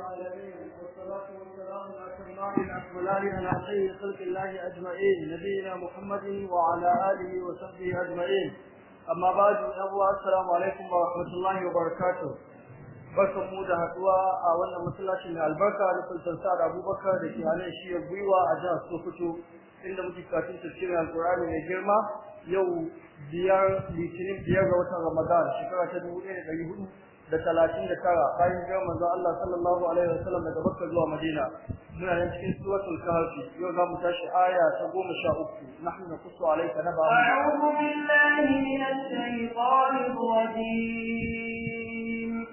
العالمين والصلاة والسلام na الأكملان على خير خلق الله أجمعين نبينا محمد وعلى آله وصحبه أجمعين أما بعد السلام عليكم ورحمة الله وبركاته barkan mu da haduwa a wannan masallaci mai albarka da kultansa da Abubakar da ke halin shi gwiwa a jihar Sokoto inda muke karatun tafsirin al mai girma yau biyar litinin biyar ga watan Ramadan shekara ta da talatin da tara bayan jiran manzo Allah sallallahu alaihi wasallam daga Makka zuwa Madina muna yin cikin suratul Kahf yau za mu tashi aya ta 13 nahnu nusu alayka naba a'udhu billahi minash shaytanir rajim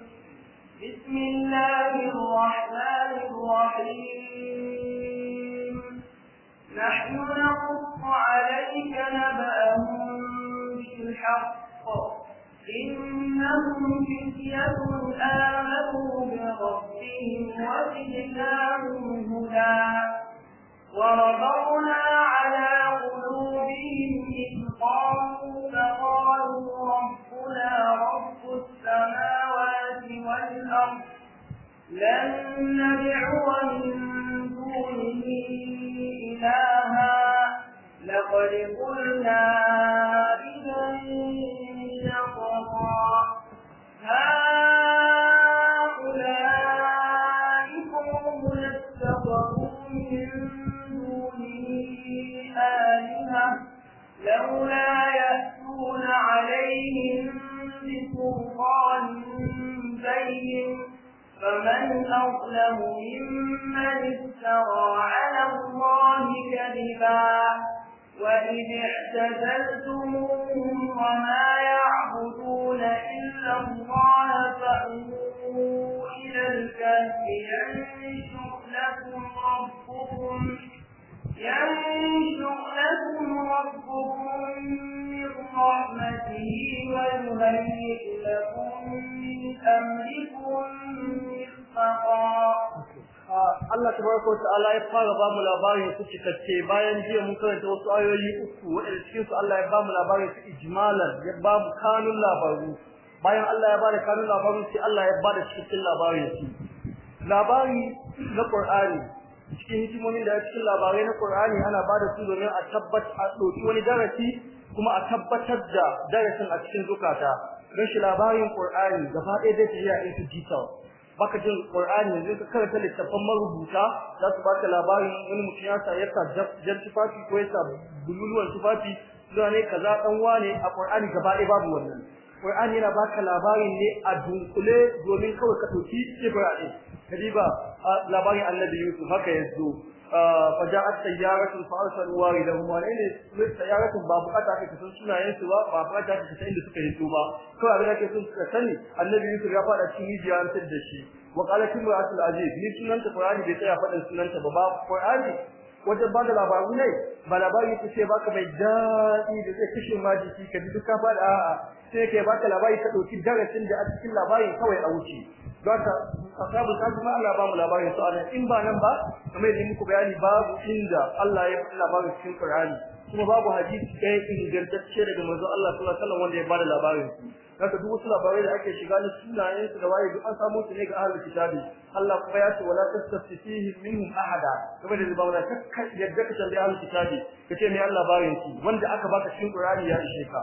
bismillahir rahmanir rahim nahnu naqussu alayka naba'ahum bil haqq إنهم فتية آمنوا بربهم وزدناهم هدى وربطنا على قلوبهم إذ قاموا فقالوا ربنا رب السماوات والأرض لن ندعو من دونه إلها لقد قلنا إذا شططا هؤلاء قوم اتخذوا من دونه آلهة لولا يأتون عليهم بسلطان بين فمن أظلم ممن افترى على الله كذبا وإذ اعتزلتموهم وما يعبدون إلا الله فأموا إلى الكهف ينشر لكم ربكم ينشر لكم ربكم من رحمته ويهيئ لكم من أمركم مرفقا Ah, Allah ta tabaraka ala ya fara ba mu labarin su cikakke bayan jiya mun karanta wasu ayoyi uku waɗanda cikin su Allah ya ba mu labarin su ijmalan ya ba mu kanun labaru bayan Allah ya ba da kanun labaru sai Allah ya ba da cikakken labarin su labari na Qur'ani cikin hikimomin da ya cikin labarai na Qur'ani ana ba da su domin a tabbatar a ɗauki wani darasi kuma a tabbatar da darasin a cikin zukata rashin labarin Qur'ani gaba ɗaya zai tafiya into detail baka jin Qur'ani yanzu ka karanta littafin marubuta za su baka labarin wani mutum ya sa yasa jan tufafi ko yasa bululuwan tufafi zuwa ne kaza dan wane a Qur'ani gaba ɗaya babu wannan Qur'ani yana baka labari ne a dunkule domin kawai ka ɗauki Ibrahim ɗin kadiba labarin Annabi Yusuf haka ya zo فجاءت سيارة فأرسلوا واردهم ولين سيارة باب قطع كتن سنا ينسوا باب قطع كتن لسك يتوبا كما أبدا كتن سكتني النبي يوسف يقال أتيه جيان تدشي وقالت امرأة العزيز ni sunanta Qur'ani bai tsaya faɗin sunanta ba ba Qur'ani wajen ba da labaru ne ba labari ta ce baka mai daɗi da zai kashe ma jiki ka ji duka faɗa a'a sai yi baka labari ta ɗauki darasin da a cikin labarin kawai a wuce zaka asabu ta kuma Allah ba mu labarin su in ba nan ba kamar yadda muku bayani babu inda Allah ya faɗi labarin cikin Qur'ani kuma babu hadisi ɗaya ingantacce daga manzo Allah sallallahu alaihi wasallam wanda ya bada labarin su haka duk wasu labarai da ake shiga na sunayen su da waye duk an samu su ne ga ahlul kitabi Allah kuma ya ce wala tastaftihi minhum ahada kuma da ba wala takka, yadda ka tambaye ahlul kitabi kace me Allah labarin su wanda aka baka cikin Qur'ani ya ishe ka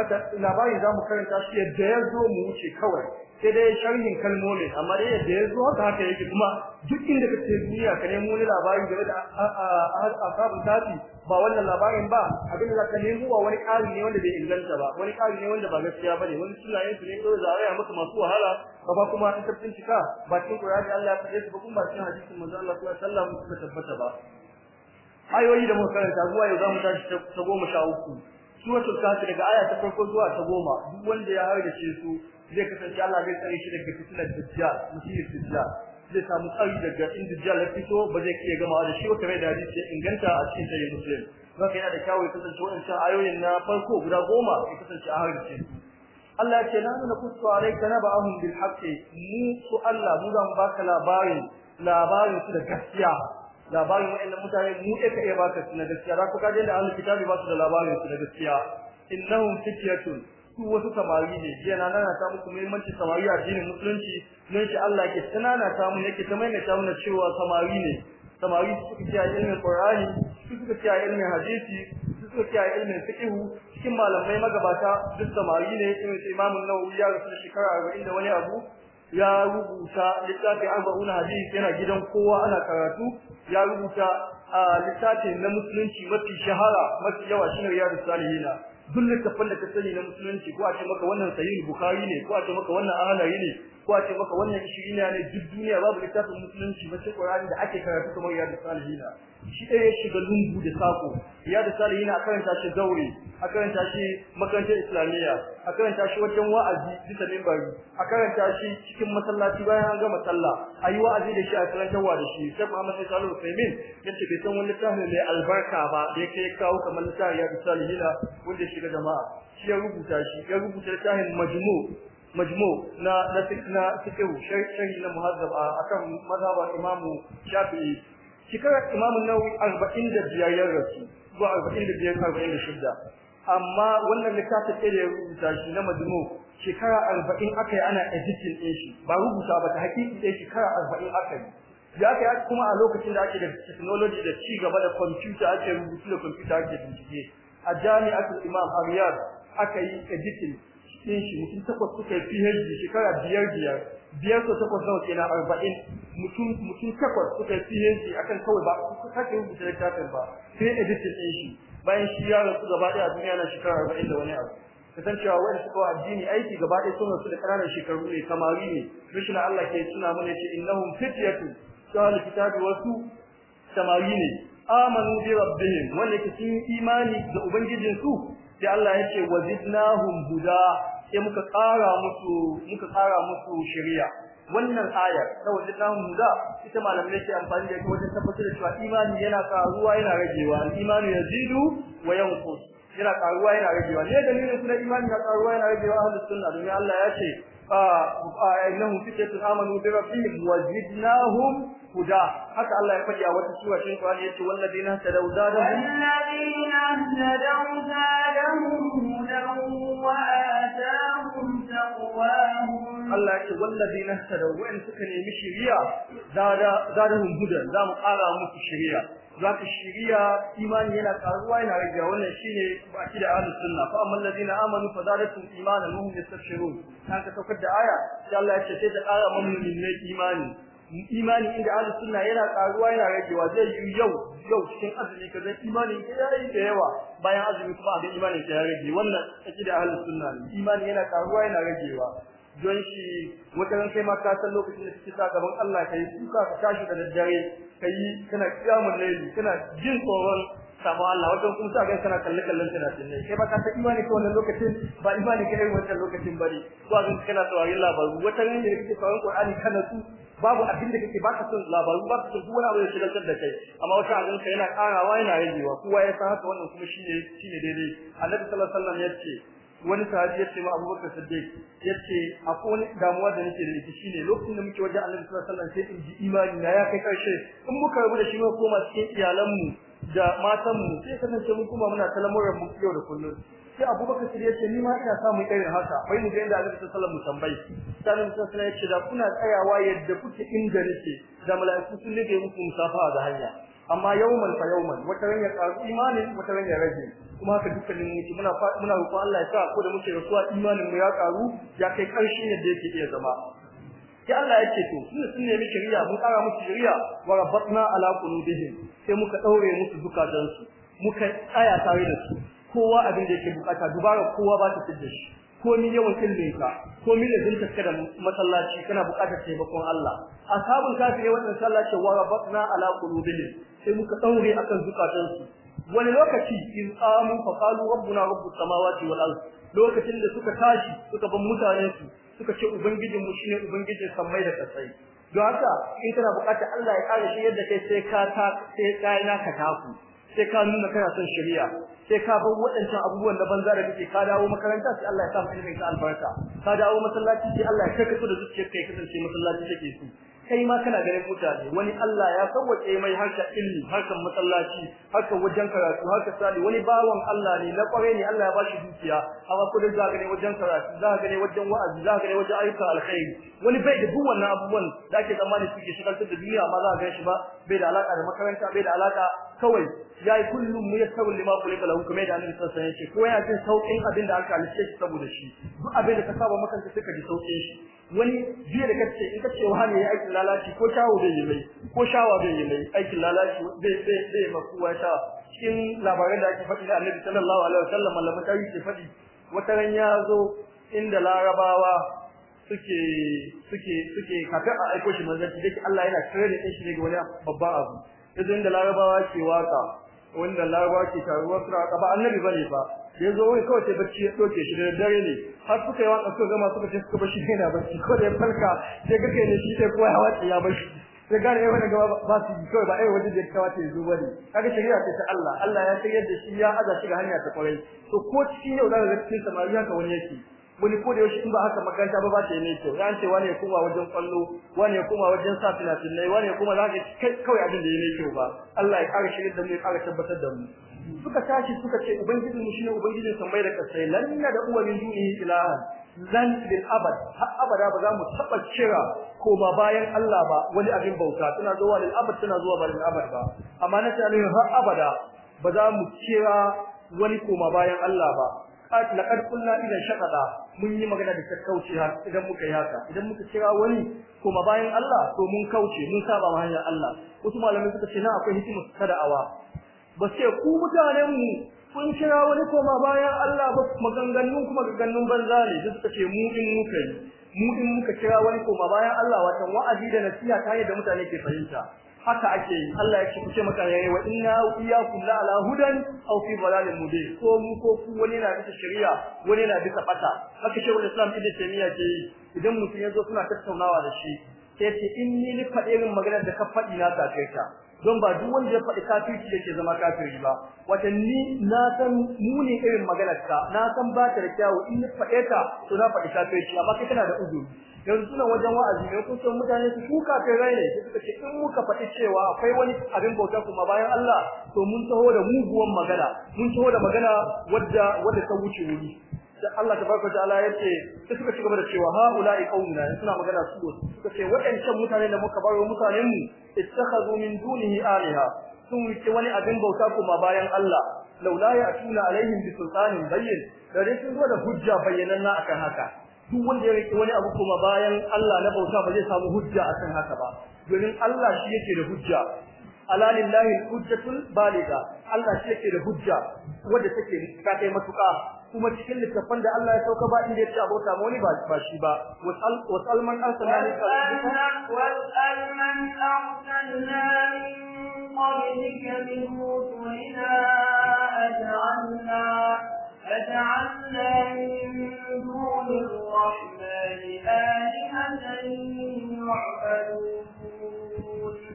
haka labarin zamu karanta shi yadda ya zo mu wuce kawai sai dai sharhin kalmomin amma dai yadda ya zo haka haka yake kuma duk inda kace duniya ka nemo wani labari game da ashabul tafi ba wannan labarin ba abin da ka nemo ba wani ƙari ne wanda bai inganta ba wani ƙari ne wanda ba gaskiya bane wani sunayen su ne kawai za a raya musu masu wahala ba kuma ta tabbin cika ba cikin Qur'ani Allah ya kace su ba kuma cikin hadisin manzo Allah sallallahu alaihi wasallam suka tabbata ba ayoyi da muka karanta zuwa yau mu tashi ta goma sha uku ta kafir daga aya ta farko zuwa ta goma duk wanda ya da ce su zai kasance Allah zai tsare shi daga fitilar dajjal musibin dajjal zai samu tsari daga inda jihar ya fito ba zai iya gama da shi wata mai da hadisi inganta a cikin sahih muslim don yana da kyawu kasance waɗancan ayoyin na farko guda goma ya kasance a harshe Allah ya ce na nuna kusa alaika na ba'ahum bil haqqi mu su Allah mu zan baka labarin labarin su da gaskiya labarin wa'annan mutane mu ɗaya ka iya baka su na gaskiya za ku kaje da ahlul kitabi ba su da labarin su da gaskiya innahum fityatun su wasu samari ne jiya na nana ta muku muhimmanci samari jinin musulunci ne shi Allah ke tsanana ta mu yake ta maimaita mana cewa samari ne samari su suka ilmin Qur'ani su suka kiyaye ilmin hadisi su suka kiyaye ilmin fiqh cikin malamai magabata duk samari ne irin Imam Nawawi ya rasu shekara 40 da wani abu ya rubuta littafin arba'una hadisi yana gidan kowa ana karatu ya rubuta littafin na musulunci mafi shahara mafi yawa shine riyadus salihin duk littafin da ka sani na musulunci ko a ce maka wannan sahih bukhari ne ko a ce maka wannan ahalayi ne Kuwa ce maka wannan shiri ne duk duniya babu littafin musulunci ba sai da ake karatu kamar ya da salihina shi ɗaya ya shiga lungu da sako ya da salihina a karanta shi zaure a karanta shi makarantar islamiyya a karanta shi wajen wa'azi bisa mimbari a karanta shi cikin masallaci bayan an gama sallah a yi wa'azi da shi a wa da shi sai Muhammad Salihu Faimin ya ce bai san wani littafi mai albarka ba da ya kai kawo kamar littafin ya da salihina wanda shiga jama'a shi ya rubuta shi ya rubuta littafin majmu' majmu na na na fiqh sharhi na muhazzab akan mazhabar imam shafi'i shekarar imam nawawi da ya rasu zuwa da shidda. amma wannan ce da ya rubuta shi na majmu shekara 40 akai ana editin din shi ba rubuta ba ta hakiki sai shekara 40 akai ya kai kuma a lokacin da ake da technology da ci gaba da computer ake rubutu da computer ake bincike a jami'atul imam a riyadh aka yi editing ɗin shi mutum takwas suka yi PhD shekara biyar biyar biyar ko takwas nawa na arba'in mutum mutum takwas suka yi PhD akan kawai ba su sake rubuta littafin ba sai editin ɗin shi bayan shi ya rasu gaba ɗaya a duniya na shekara arba'in da wani abu kasancewa wani suka wa addini aiki gaba ɗaya sun rasu da ƙananan shekaru ne samari ne rashin Allah ke suna mana shi innahum fityatu sahal kitabi wasu samari ne amanu bi rabbihim wanda ke sun imani da ubangijinsu sai Allah ya ce wajidnahum huda sai muka ƙara musu muka ƙara musu shari'a wannan ayar ta wajen namu da ita malamai ke amfani da ita wajen tabbatar da cewa imani yana karuwa yana ragewa imani yazidu wa yanqus yana karuwa yana ragewa ne dalilin kuma imani yana karuwa yana ragewa ahlus sunna domin Allah ya ce innahum fitnatun amanu bi rabbihim wa zidnahum huda haka Allah ya faɗi a wata sura cikin Qur'ani yace walladina tadawzadahum walladina tadawzadahum Allah ce wallazi nasara wa'in suka nemi shiriya da hun hudan za mu ƙara musu shiriya za ka shiriya imani yana karuwa yana rage wannan shi ne shine baki da ahlus sunna fa amma na amanu fa zadatuhum imanan wa hum yastabshirun kan ka saukar da aya sai Allah ya ce sai ta ƙara mamunin imani imani inda ahlus sunna yana karuwa yana ragewa zai yi yau yau cikin azumi ka zai imanin ka yayi da yawa bayan azumi kuma abin imanin ka ya rage wannan da ahlus sunna imani yana karuwa yana ragewa don shi mutanen kai ma ka san lokacin da suke sa gaban Allah kai kuka ka tashi da daddare kai kana kiyamul layli kana jin tsoron sabo Allah wato kun sa kai kana kalle kallon kana tunne kai ba ka imani ko wannan lokacin ba imani kai irin wannan lokacin bane ko a cikin kana labaru wata ne da kike tsawon Qur'ani kana su babu abin da kake baka son labaru ba ka duk wani abu da shigar da kai amma wata abin kai yana karawa yana yajewa kowa ya san haka wannan kuma shine shine daidai Annabi sallallahu alaihi wasallam ya ce wani sahabi yace ma Abubakar Siddiq yace akwai wani damuwa da nake da ita ne lokacin da muke wajen Annabi sallallahu alaihi wasallam sai in ji imani na ya kai karshe in muka rabu da shi muka koma cikin iyalan mu da matan mu sai ce mun kuma muna kalmar mu yau da kullum sai Abubakar Siddiq yace ni ma ina samun irin haka bai mu ga inda Annabi sallallahu alaihi wasallam mu tambayi sai Annabi sallallahu alaihi wasallam yace da kuna tsayawa yadda kuke inda nake da mala'iku sun nufe muku musafa da hanya amma yawman fa yawman wata ranya ya imanin wata ranya rage kuma haka dukkanin mu muna muna roƙon Allah ya sa ko da muke rasuwa imanin mu ya karu ya kai karshe yadda yake iya zama sai Allah ya to sun sun nemi riya mun kara musu riya wa rabbatna ala qulubihim sai muka daure musu zukatansu muka tsaya tare da su kowa abin da yake bukata dubara kowa ba ta fidda shi komi yawan ilmin komi da zunta da masallaci kana buƙatar taimakon Allah ashabul kafire wannan sallaci wa rabbana ala qulubihim sai muka daure akan su wani lokaci in qamu fa qalu rabbuna rabbus samawati wal ardh lokacin da suka tashi suka ban mutane su suka ce ubangijin mu shine ubangijin samai da kasai don haka in kana bukatar Allah ya kare shi yadda kai sai ka ta sai kai sai ka nuna kana son shari'a sai ka bar waɗancan abubuwan da banza da kake ka dawo makaranta sai Allah ya sa maka ka albarka ka dawo masallaci sai Allah ya karkato da zuciyar kai kasance masallaci take so kai ma kana ganin mutane wani Allah ya sauwace mai harka ilmi harkan masallaci harkan wajen karatu harka sali wani bawan Allah ne na kware ne Allah ya bashi dukiya amma kudin za ka ne wajen karatu za ka ne wajen wa'azi za ka ne wajen ayyuka alkhairi wani bai da duwan abubuwan da ake tsammani suke shigar da duniya amma za ka ga shi ba bai da alaka da makaranta bai da alaka kawai yayi kullum mu yasabu lima kulika kala kuma da annabi sallallahu alaihi wasallam ko ya ce saukin abin da aka halice shi saboda shi duk abin da ka saba maka ka ka ji saukin shi wani jiya da kace in kace wa ne aikin lalaci ko shawo bai yi mai ko shawa bai yi mai aikin lalaci bai bai zai makuwa shawa cikin labaran da ake faɗi da annabi sallallahu alaihi wasallam malamin kai ke faɗi wata ran ya zo inda larabawa suke suke suke kafin a aiko shi manzanci dake Allah yana kare da shi ne ga wani babban abu idan da larabawa ke waka wanda larabawa ke taruwa taruwar suraka ba annabi bane fa ya zo wai kawai sai bacci ya doke shi da dare ne har suka yi waka suka gama suka ce suka bashi na bacci ko da ya falka sai kake ne shi sai kowa ya wace ya bashi sai gane ai eh wannan gaba ba su kawai ba ai wajen da ya kawace ya zo bane kaga shari'a ce ta Allah Allah ya shirya da shi ya aza shi ga hanya ta kwarai to ko cikin yau da ga cikin samariya ka wani yake wani ko da yaushe in ba haka makaranta ba ba ta yi kyau ya ce wani ya koma wajen kwallo wani ya koma wajen sa filafinai wani ya koma za ka kai kawai abin da ya yi kyau ba Allah ya ƙara shirin da mu ya ƙara tabbatar da mu suka tashi suka ce ubangiji mu shine ubangijin bai da kasai lan da uwa min duni ilahan lan bil abad ha abada ba za mu taba kira ba bayan Allah ba wani abin bauta tana zuwa lil abad tana zuwa barin abad ba amma na ce har abada ba za mu kira wani koma bayan Allah ba laqad qulna idan shaqada mun yi magana da kauce idan muka yi haka idan muka kira wani kuma bayan Allah to mun kauce mun saba ma hanyar Allah wasu malamai suka ce na akwai hikima kada da'awa ba sai ku mutanen mu kun kira wani koma bayan Allah ba maganganun kuma ganganun banza ne da suka ce mu in muka yi mu muka kira wani koma bayan Allah wato wa'azi da nasiha ta yadda mutane ke fahimta haka ake yi Allah ya ce ku ce maka yayi wa inna iyyakum la ala hudan aw fi dalalin mubin ko mu ko ku wani na bisa shari'a wani na bisa fata haka shehul islam ibn taymiya ke yi idan mutum ya zo suna tattaunawa da shi sai ce in ni ni faɗi irin maganar da ka faɗi na kafirta ta don ba duk wanda ya faɗi kafirci yake zama kafiri ba wata ni na san mu ne irin maganar ka na san ba ta da kyawu in ni faɗe ta to na faɗi kafirci amma kai kana da uzuri yanzu suna wajen wa'azi ne kun san mutane su shuka kai rai ne sai suka ce in muka faɗi cewa akwai wani abin bauta kuma bayan Allah to mun taho da muguwan magana mun taho da magana wadda wadda ta wuce wuri da Allah tabaraka ta'ala yace sai suka ci gaba da cewa ha ulai qaumuna suna magana su suka ce waɗancan mutane da muka baro mutanenmu, mu ittakhadhu min dunihi alaha sun wuce wani abin bauta kuma bayan Allah laula a tuna alaihim bi sultanin bayyin dare sun zo da hujja bayyananna akan haka duk wanda ya rike wani abu kuma bayan Allah na bauta ba zai samu hujja akan haka ba domin Allah shi yake da hujja ala lillahi hujjatul baliga Allah shi yake da hujja wanda take ka kai matuka kuma cikin littafin da Allah ya sauka ba inda ya ce abota ma wani ba shi ba wasal man arsalna min qablika wasal man arsalna min qablika min rusulina aj'alna فجعلنا من دون الرحمن آلهة يعبدون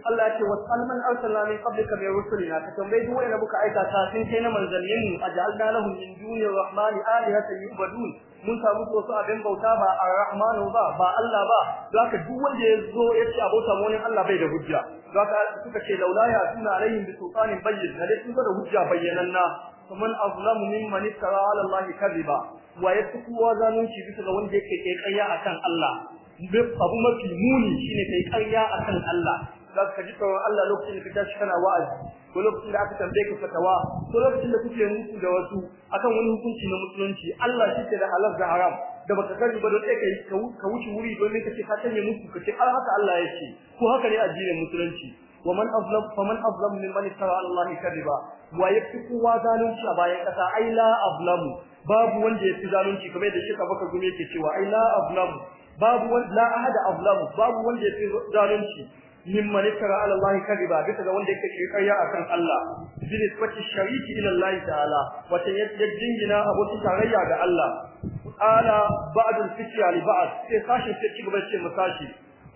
Allah ya ce wasal man arsalna min qablika bi rusulina ka tambayi duk wanda muka aika ta sun kai na manzannin ajalna lahum min duni rahmani alihatan yubadun mun samu wasu abin bauta ba arrahmanu ba ba Allah ba zaka duk wanda ya zo ya ce abota mu ne Allah bai da hujja zaka suka ce laula ya tuna alaihim bi sultanin bayyin da sun da hujja bayyananna faman azlamu mimman iftara ala Allah kadhiba wa yatuku wa zalunci bisa ga wanda yake kai ƙarya akan Allah abu mafi muni shine kai ƙarya akan Allah za ka ji tsoron Allah lokacin da ka tashi kana wa'azi ko lokacin da aka tambaye ka fatawa ko lokacin da kuke mutu da wasu akan wani hukunci na musulunci Allah shi ke da alas da haram da baka sani ba don kai ka wuce wuri domin ka ce ka sanya musu ce har haka Allah ya ce ko haka ne addinin musulunci wa man azlam fa man azlam mimman iftara ala Allah kadhiba wa yafi kowa zalunci a bayan kasa ai la azlamu babu wanda yafi zalunci kamar da shi kabaka gume yake cewa ai la azlamu babu wanda la ahada azlamu babu wanda yafi zalunci mimman iftara ala Allah kadhiba bisa ga wanda yake shekariya akan Allah bin isbati shariki ila Allah ta'ala wata yajjin gina abokin tarayya ga Allah ala ba'd al sai sashi sai ci gaba ce musashi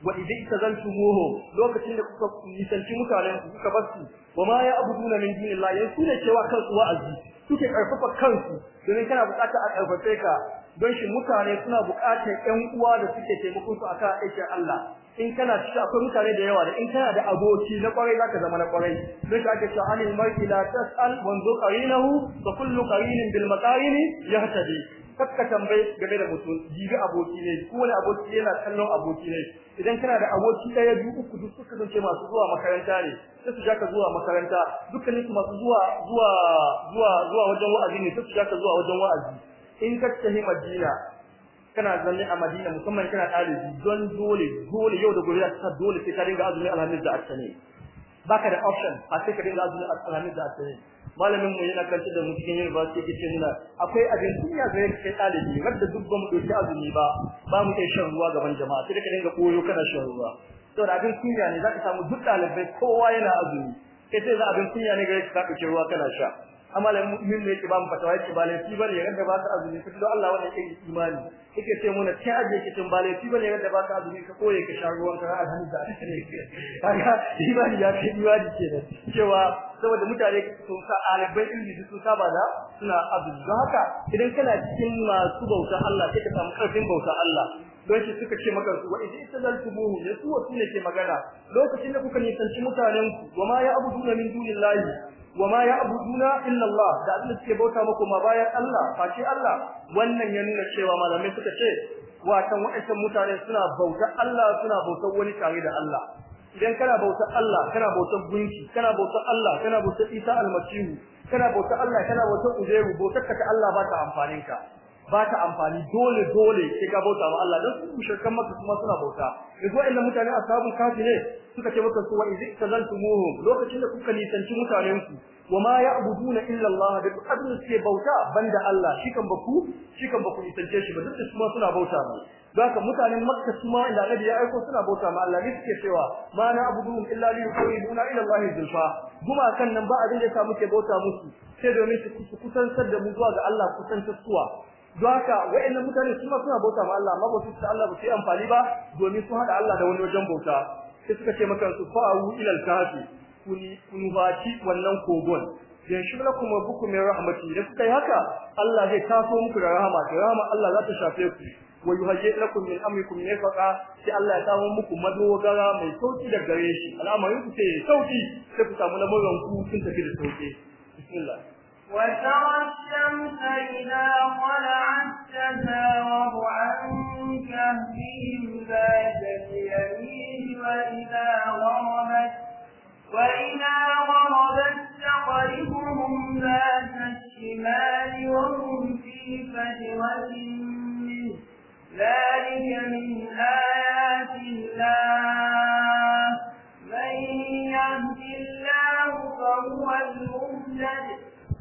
wa idai tazantumuhu lokacin da kuka nisanci mutanen ku kuka basu wa ma ya abuduna min dinillahi su ne cewa kansu wa'azi suke karfafa kansu domin kana bukatar a karfafe ka don shi mutane suna buƙatar ƴan uwa da suke taimakon su akan aikin Allah in kana cikin akwai mutane da yawa da in kana da aboki na kwarai zaka zama na kwarai don shi ake cewa anil marki la tas'al zu qarinahu fa kullu qarinin bil maqarini yahtadi kakka tambaye game da mutum jibi aboki ne ko wani aboki yana kallon aboki ne idan kana da aboki daya biyu uku duk suka zance masu zuwa makaranta ne sai su jaka zuwa makaranta dukkanin su masu zuwa zuwa zuwa zuwa wajen wa'azi ne sai su jaka zuwa wajen wa'azi in ka tafi Madina kana zanne a Madina musamman kana ɗalibi don dole dole yau da gobe za ka dole sai ka dinga azumi alhamis da asani baka da option a sai ka dinga azumi alhamis da asani malamin mu yana kanta da mu cikin university yake ce na akwai abin duniya ga yake ɗalibi wanda duk ba mu dauki azumi ba ba mu kai shan ruwa gaban jama'a sai ka dinga koyo kana shan ruwa da abin duniya ne za ka samu duk dalibai kowa yana azumi sai sai za abin duniya ne ga yake ka ruwa kana sha amalan mu'min ne yake ba mu fatawa yake ba laifi bane yadda ba ka azumi ka don Allah wannan yake imani yake ce mu sai ta aje ki ba laifi bane yadda ba ka azumi ka koye ka sha ruwan ka alhamdulillah kaga imani ya ce imani ke da cewa saboda mutane sun sa alibai ilmi sun saba da suna azumi don haka idan kana cikin masu bauta Allah sai ka samu karfin bauta Allah don shi suka ce maka su wa idza istazaltumuhu yasu wa sunne ke magana lokacin da kuka nisanci mutanen ku wa ma ya abuduna min dunillahi wa ma ya'buduna illa Allah da abin da suke bauta muku ma bayan Allah face Allah wannan ya nuna cewa malamai suka ce watan waɗancan mutane suna bautar Allah suna bautar wani tare da Allah idan kana bautar Allah kana bautar gunki kana bautar Allah kana bautar Isa almasihu kana bautar Allah kana bautar Uzairu bautar ka ta Allah ba ta amfanin ka ba ta amfani dole dole sai ka bauta ma Allah dan su shirkan maka kuma suna bauta yanzu wa'annan mutane a sabon kafi ne suka ce maka su wa idza tazaltumuhum lokacin da kuka nisanci mutanen ku wa ma ya'buduna illa Allah da duk abin da suke bauta banda Allah shi kan baku shi kan baku nisance shi ba duk su ma suna bauta ba zaka mutanen makka su ma inda annabi ya aiko suna bauta ma Allah ne suke cewa ma na abudun illa liyuqribuna ila Allah zulfa kuma kan nan ba abin da ya samu ke bauta musu sai domin su kusantar da mu zuwa ga Allah kusantar suwa don haka mutane su ma suna bauta ma Allah amma ba su ta Allah ba su amfani ba domin su hada Allah da wani wajen bauta sai suka ce maka su fa'u ila al-kafi kuni ci wannan kogon dan shi la kuma buku mai rahmati da kuka yi haka Allah zai taso muku da rahama da rahama Allah za ta shafe ku wa yuhayyi lakum min amrikum yafaqa sai Allah ya samu muku madogara mai sauki da gare shi al'amarin ku sai sauki sai ku samu lamarin ku kun tafi da sauki bismillah وترى الشمس إذا طلعت تزاور عن كهفهم ذات اليمين وإذا غربت وإذا غربت تقرفهم ذات الشمال وهم في فجوة منه ذلك من آيات الله من يهد الله فهو المهتد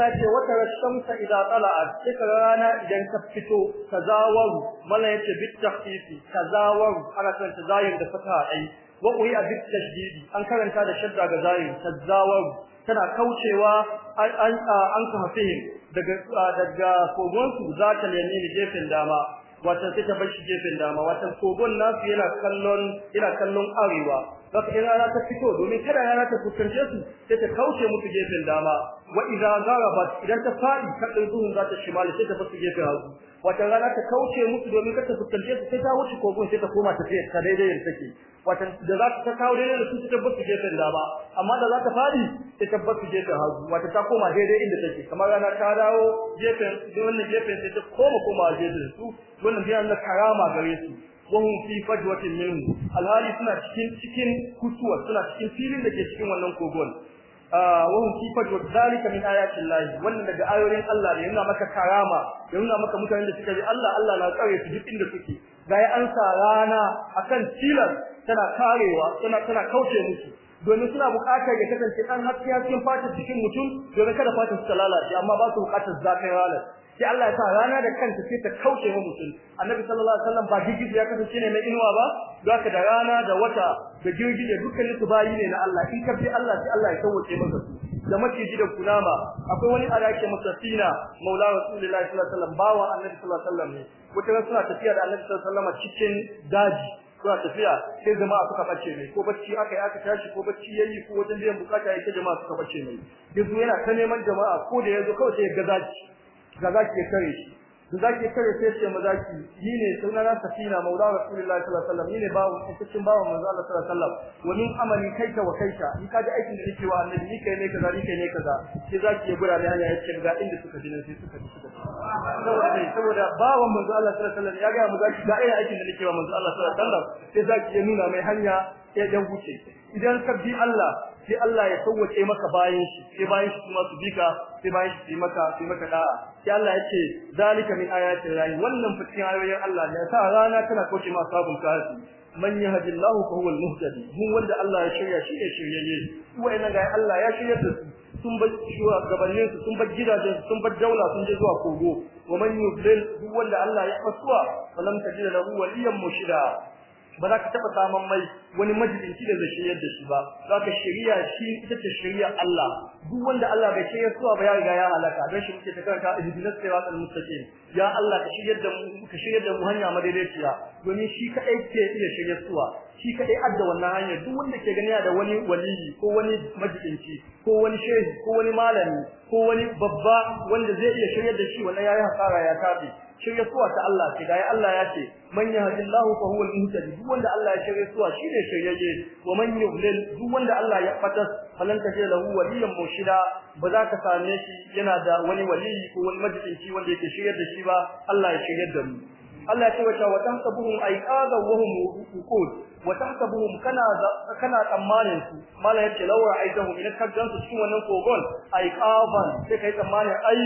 Allah ce wata rashamsa tsala a duka rana idan ka fito kazawar mala yace bit tahfifi tazawar ana son tazayir da fata ai wa quri a bit tashdidi an karanta da shadda ga zayir tazawar tana kaucewa an an ka fahim daga daga kogon su za ta ne jefin dama wata sai ta bar shi jefin dama wata kogon nasu yana kallon yana kallon arewa baka in rana ta fito domin kada rana ta fuskance su sai ta kauce musu gefen dama wa idza zarabat idan ta fadi ta duhun za ta shimali sai ta fuska gefen hagu wata rana ta kauce musu domin kada ta fuskance su sai ta wuce kogon sai ta koma ta ta daidai da take wata da za ta kawo daidai da su ta fuska gefen dama amma da za ta fadi ta tabbata gefen hagu wata ta koma daidai inda take kamar rana ta dawo gefen wannan gefen sai ta koma koma gefen su wannan biyan na karama gare su wahum fi fajwatin min alhali suna cikin cikin kutuwa suna cikin filin da ke cikin wannan kogon ah, wahum fi fajwat dalika min ayatin lahi wannan daga ayoyin Allah ne yana maka karama ya nuna maka mutanen da suka ji Allah Allah na tsare su duk inda suke gaya an sa rana akan tilas tana karewa tana tana kauce musu domin suna buƙatar ya kasance ɗan haske cikin fatar cikin mutum domin kada fatar su lalace amma ba su buƙatar zafin ranar sai Allah ya sa rana da kanta sai ta kauce wa mutum annabi sallallahu alaihi wasallam ba girgije ya kasance ne mai inuwa ba ka da rana da wata da girgije dukkan su bayi ne na Allah in ka bi Allah sai Allah ya tawace maka su da maciji da kunama akwai wani arake musafina maula rasulullahi sallallahu alaihi wasallam bawa annabi sallallahu alaihi wasallam ne wata suna tafiya da annabi sallallahu alaihi wasallam cikin daji suna tafiya sai jama'a suka bace ne ko bacci aka yi aka tashi ko bacci yayi ko wajen biyan bukata yake jama'a suka bace ne duk yana ta neman jama'a ko da yazo kawai sai ya daji ga zaki ya kare shi zaki ya kare sai ce mazaki ni ne sunana safina maula rasulullahi sallallahu alaihi wasallam ni ne bawo cikin bawo manzo Allah sallallahu alaihi wasallam wani amali kaita wa kaita in ka ji aikin da nake wa annabi ni kai ne kaza ni kai ne kaza sai zaki ya gura da hanya ya ga inda suka ji sai suka ji suka saboda saboda bawo manzo Allah sallallahu alaihi wasallam ya ga mu zaki ga irin aikin da nake wa manzo Allah sallallahu alaihi wasallam sai zaki ya nuna mai hanya ya dan huce idan ka bi Allah sai Allah ya sauwace maka bayan shi sai bayan shi kuma su bika sai bayan shi maka sai maka da'a sai Allah ya ce zalika min ayatin lahi wannan fitin ayoyin Allah da sa rana tana kauce ma sabon kafi man yahdillahu fa huwa al-muhtadi mun wanda Allah ya shirya shi ne shirye ne wa'ina ga Allah ya shirya da sun bar shuwa gabanin su sun bar gidajen sun bar daula sun je zuwa kogo wa man yudlil duk wanda Allah ya fasuwa falam tajid lahu waliyan mushida ba za ka taɓa saman mai wani majalinci da zai shiryar da shi ba za ka shirya shi ita ce shari'a Allah duk wanda Allah bai shirya suwa ba ya riga ya halaka dan shi muke ta karanta ihdinas siratal mustaqim ya Allah ka shirya da mu ka shiryar da mu hanya madaidaiciya domin shi kaɗai ke iya shirya suwa shi kaɗai adda wannan hanya duk wanda ke gani da wani waliyi ko wani majalinci ko wani ko wani malami ko wani babba wanda zai iya shirya da shi wannan yi hasara ya tabi Shirya suwa ta Allah ce ga Allah ya ce man yahdillahu fa huwa al-muhtadi duk wanda Allah ya shirya suwa shine shiryaje wa man yudlil duk wanda Allah ya fatas falan ka ce lahu waliyan mushida ba za ka same shi yana da wani waliyi ko wani majidanci wanda yake shiryar da shi ba Allah ya shiryar da mu Allah ya ce wa tahsabuhum ayqaza wa hum uqud wa tahsabuhum kana kana tsammanin su mala yace law ra'aytahum idan ka su cikin wannan kogon ai qaban sai kai tsammanin ai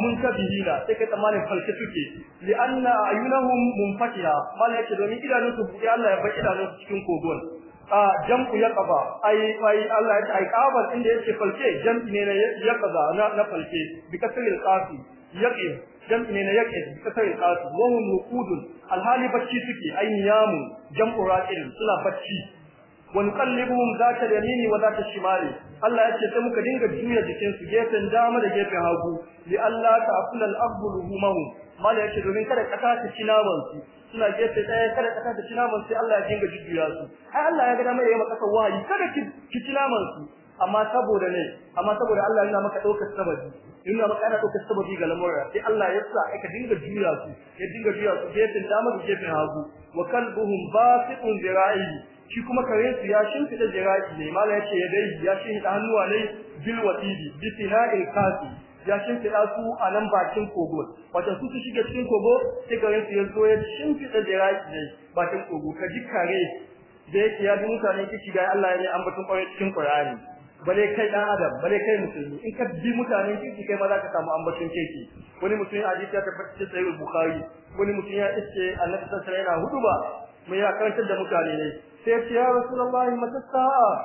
munkabihina sai kai tsammanin falke suke li anna ayunahum munfatiha mala yace domin idanun su buɗe Allah ya bar idanun su cikin kogon jam'u yaqaba ai ai Allah ya ce ai qaban inda yace falke jam'i ne na yaqaza na falke bi kasril qafi yaqin jam'i ne na yake kasar kasu wahum nuqudun alhali bacci suke ayyamu jam'u raqil suna bacci wani nuqallibuhum zata yamini wa zata shimali Allah yace sai muka dinga juya jikin su gefen dama da gefen hagu li Allah ta'kula al-ardu luhumahum mala yace domin kada kasa ta ci naman su suna gefe ɗaya kada kasa ta ci naman Allah ya dinga jujjuya su ai Allah ya ga dama yayi maka wahayi kada ki ci naman su amma saboda ne amma saboda Allah yana maka daukar sababi inna baka ana sababi ga lamura sai Allah ya sa aka dinga juya su ya dinga juya su gefen dama da gefen hagu wa kalbuhum basiqun ra'i shi kuma kare su ya shimfi da jira'i ne mala yace ya dai ya shin da hannuwa ne bil wadidi bi tina'il qasi ya shin da su a nan bakin kogo wato su su shiga cikin kogo sai kare su ya zo ya da jira'i ne bakin kogo ka ji kare da yake ya dinka mutane ki shiga Allah ya ne ambaton kwarai cikin Qur'ani bale kai dan adam bale kai musulmi in ka bi mutanen kirki kai ma za ka samu ambacin keke wani mutum ya hadisi ta tabbata sai bukhari wani mutum ya ce annabi sallallahu alaihi wasallam yana huduba mai ya karantar da mutane ne sai ce ya rasulullahi matasta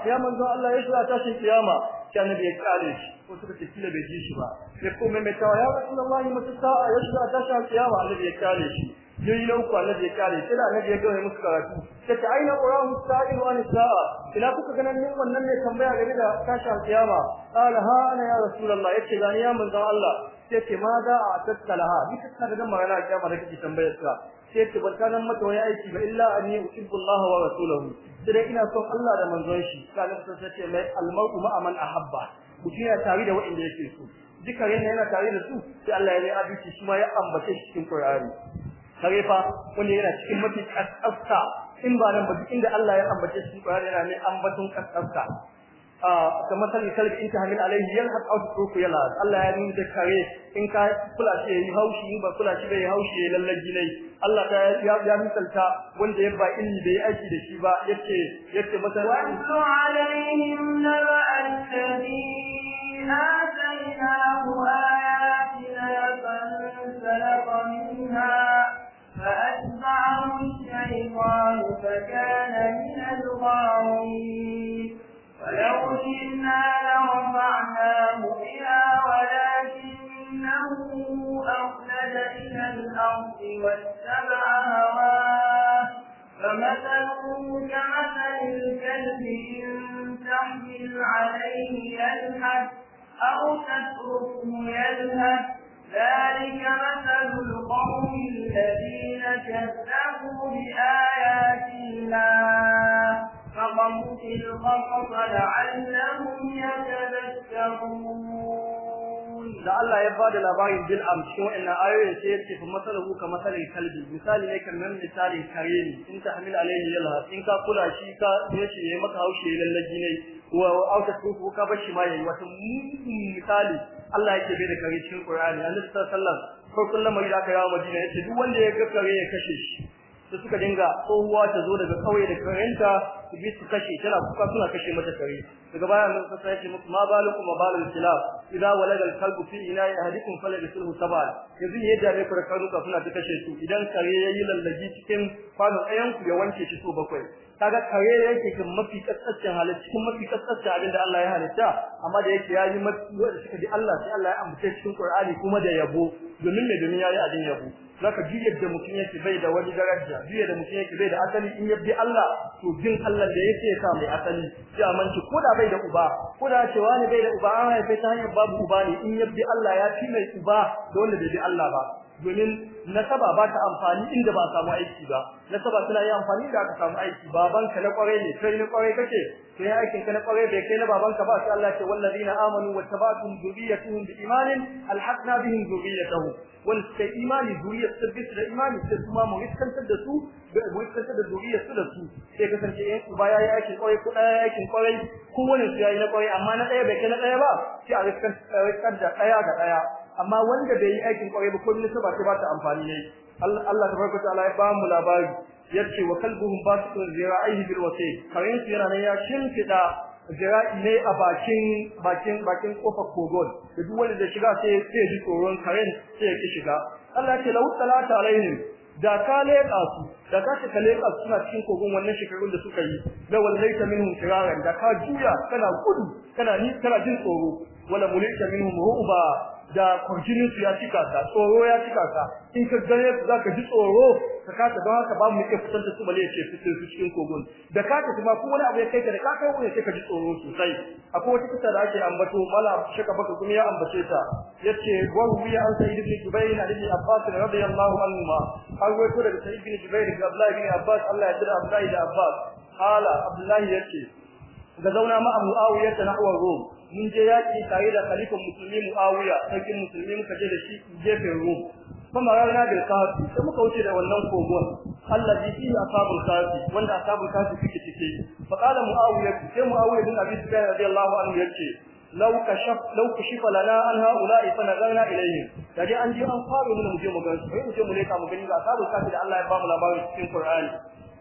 ya manzo Allah ya shiga tashin kiyama ya nabi ya kare shi ko suka ce kila bai ji shi ba sai ko mai mai ya rasulullahi matasta ya shiga tashin kiyama allah ya kare shi yayi lauka na je kare kira na je ga musu karatu take ta aina qur'an sa'ilu an nisa'a. ila kuka ganin min wannan ne tambaya game da tashi alkiyama qala ha ana ya rasulullah yace gani ya manzo Allah sai ma da a tattalaha duka ka ga magana alkiyama da kike tambayar ka sai ce nan mata wani aiki ba illa an yuhibbu Allah wa rasuluhu sai ina son Allah da manzon shi kana sai ce mai almar'u ma'a man ahabba mutum tare da wanda yake so duka yana yana tare da su sai Allah ya yi abici shi ma ya ambace shi cikin Qur'ani kare fa wanda yana cikin mafi kasasta in ba nan ba duk inda Allah ya ambace shi Qur'ani yana ne ambaton kasasta a kamar sani kalbi in ta hamil alaihi yalhaq aw tuku yala Allah ya nuna kare in ka kula shi yayi haushi in ba kula shi bai haushi lallaji ne Allah ta ya ya misalta wanda ya ba ilmi bai aiki da shi ba yace yace masa wa alaihim naba'a alladhi atainahu فأتبعه الشيطان فكان من الغاوين ولو شئنا لرفعناه بها ولكنه أخلد إلى الأرض واتبع هواه فمثله كمثل الكلب إن تحمل عليه يلحد أو تتركه يلهث ذلك مثل القوم الذين كذبوا بآياتنا فقموا في الخطف لعلهم يتذكرون da Allah ya bada labarin bil amshi wa'annan ayoyin sai ya ce fa masalahu ka masalin kalbi misali ne kamar misalin kare ni in ta hamil alayhi in ka kula shi ka yace yayi maka haushi lallaji ne wa auta tuku ka bashi ma yayi wata misali Allah yake bai da kare cikin Qur'ani Annabi sallallahu alaihi wasallam farkon lamari da aka yawo Madina yace duk wanda ya ga kare ya kashe shi sai suka dinga tsohuwa ta zo daga kauye da karenta su bi su kashe tana kuka suna kashe mata kare daga baya Annabi sallallahu alaihi wasallam ma balukum ma balul silaf idza walaga al kalbu fi da ahadikum falyasluhu sabal yanzu ne da ne da kanuka suna ta kashe su idan kare yayi lallaji cikin kwanon ayanku ya wanke shi so bakwai kaga kare yake kin mafi tsatsacin halitta cikin mafi tsatsacin abin da Allah ya halitta amma da yake yayi mafi wanda suka ji Allah sai Allah ya ambace cikin Qur'ani kuma da yabo domin me domin yayi abin yabo zaka ji yadda mutum yake bai da wani daraja ji da mutum yake bai da asali in yabi Allah to jin Allah da yake sa mai asali sai amanci koda bai da uba da cewa ne bai da uba an haife ta hanyar babu uba ne in yabi Allah ya fi mai uba da wanda bai bi Allah ba domin nasaba ba ta amfani inda ba samu aiki ba nasaba tana yi amfani da aka samu aiki babanka na kwarai ne kai na kwarai kake kai aikin ka na kwarai bai kai na babanka ba sai Allah ce wallazina amanu wattaba'tum dhurriyyatuhum biimanin alhaqna bihim dhurriyyatahum wal sai imani dhurriyyat tabbit da imani sai kuma mu iskantar da su mu iskantar da dhurriyyat su da su sai kasance eh ba baya yi aikin kwarai ku daya aikin kwarai ko wani su yayi na kwarai amma na ɗaya bai kai na ɗaya ba sai a iskantar da daya ga ɗaya. amma wanda bai yi aikin kwarai ba ko nisaba ta ba ta amfani ne Allah tabaraka ta'ala ya ba mu labari yace wa kalbuhum basitun zira'ihi bil wasi karin yana ne ya shimfida zira'i ne a bakin bakin bakin kofar kogon da duk wanda zai shiga sai sai ji tsoron karen sai ya ki shiga Allah ya ce lahu salatu alaihim da ka leƙa su da ka ka leƙa suna cikin kogon wannan shekarun da suka yi la wallaita minhum firaran da ka juya kana gudu kana ni kana jin tsoro wala mulika minhum ruba da kwarjinin ya cika ta tsoro ya cika ta in ka gane za ka ji tsoro ka kasa don haka babu yake fitar da su bale yake fitar su cikin kogon da ka ta kuma ko wani abu ya kai ka da ka kai wani sai ka ji tsoro sosai akwai wata kisa da ake ambato mala shaka baka kuma ya ambace ta yace rubi an sayyid ibn jubayr ibn abbas radiyallahu anhu ma har ko daga sayyid ibn jubayr ibn Abdullahi ibn abbas Allah ya jira Abdullahi da abbas hala abdullahi yace ga zauna ma Abu Awiya ta nahwa Rum mun je yaki tare da khalifan musulmi Muawiya sarkin musulmi muka je da shi gefen Rum kuma rana da kafi sai muka wuce da wannan kogon Allah bi fi asabul kafi wanda asabul kafi suke cike fa qala Muawiya sai Muawiya bin Abi Sufyan radiyallahu anhu yace law kashaf law kashifa lana an haula'i fa nazarna ilayhim kaje an ji an faru mun mu je mu ga sai mu je mu leka mu gani ga asabul kafi da Allah ya ba mu labarin cikin Qur'ani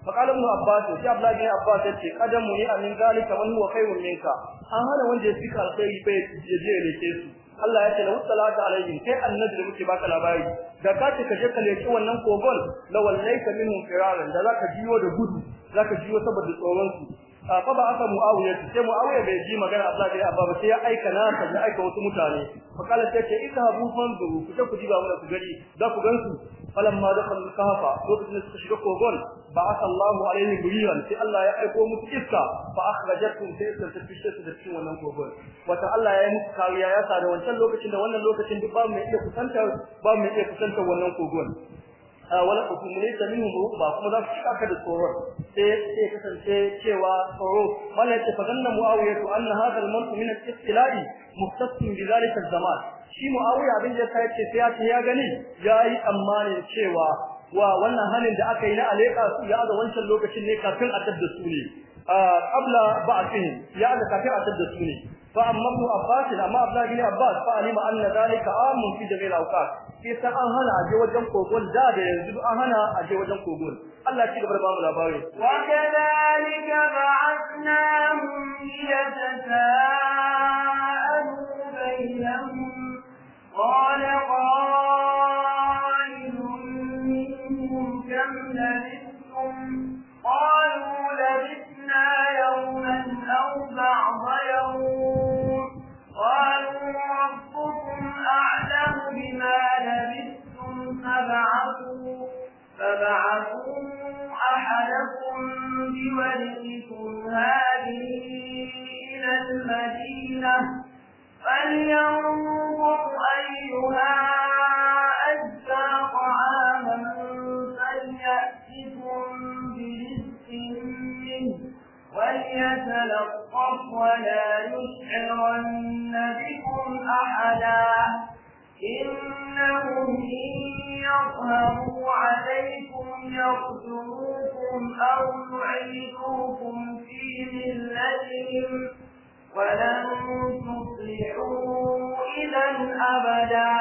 فقال ابن عباس يا عبد الله بن عباس yace kadamu ni amin kamar man huwa khayrun minka an hana wanda yake ka alkhairi bai je ne ke su Allah yace la salatu alaihim kai annabi muke baka labari da ka ce ka je ka leki wannan kogon la wallaika minhum firaran da zaka jiwo da gudu zaka jiwo saboda tsoron su fa ba aka muawiya sai muawiya bai ji magana Allah da abba sai ya aika na ta ya aika wasu mutane fa kala sai ce idhabu fanzuru ku ta ku ji ba ku gani da ku gansu da kan kafa lokacin da shiga kogon ba sallahu alaihi guriyan sai Allah ya aika musu iska fa akhrajatum sai ta ta su da cikin wannan kogon wata Allah ya yi musu kariya ya sa da wancan lokacin da wannan lokacin duk ba mu iya kusanta ba mu iya kusanta wannan kogon Ah, wala hukumu ne sanin ba kuma za su shaka da tsoron sai sai kasance cewa tsoro wannan ta fadanna muawiya to anna hadha al-mar'u min al-istila'i muhtassin bi zalika zaman shi muawiya abin da sai ce sai ya ce ya gani yayi ne cewa wa wannan halin da aka yi na aleka su ya ga wancan lokacin ne kafin a tadda su ne ah, qabla ba'thin ya ga kafin a tadda su ne fa amma abbas amma abdullahi abbas fa alima anna zalika amun fi jami'il awqat sai sa an hana a je wajen kogon da da yanzu an hana a je wajen kogon Allah ya gaba da bamu labari wa kadhalika ba'athnahum liyatasaa'alu bainahum qala qala فبعثوا فبعثوا أحدكم بولدكم هذه إلى المدينة فلينظر أيها أزكى طعاما فليأتكم برزق منه وليتلطف ولا يشعرن بكم أحدا إنهم إن يظهروا عليكم يرجموكم أو يعيدوكم في ملتهم فلن تفلحوا إذا أبدا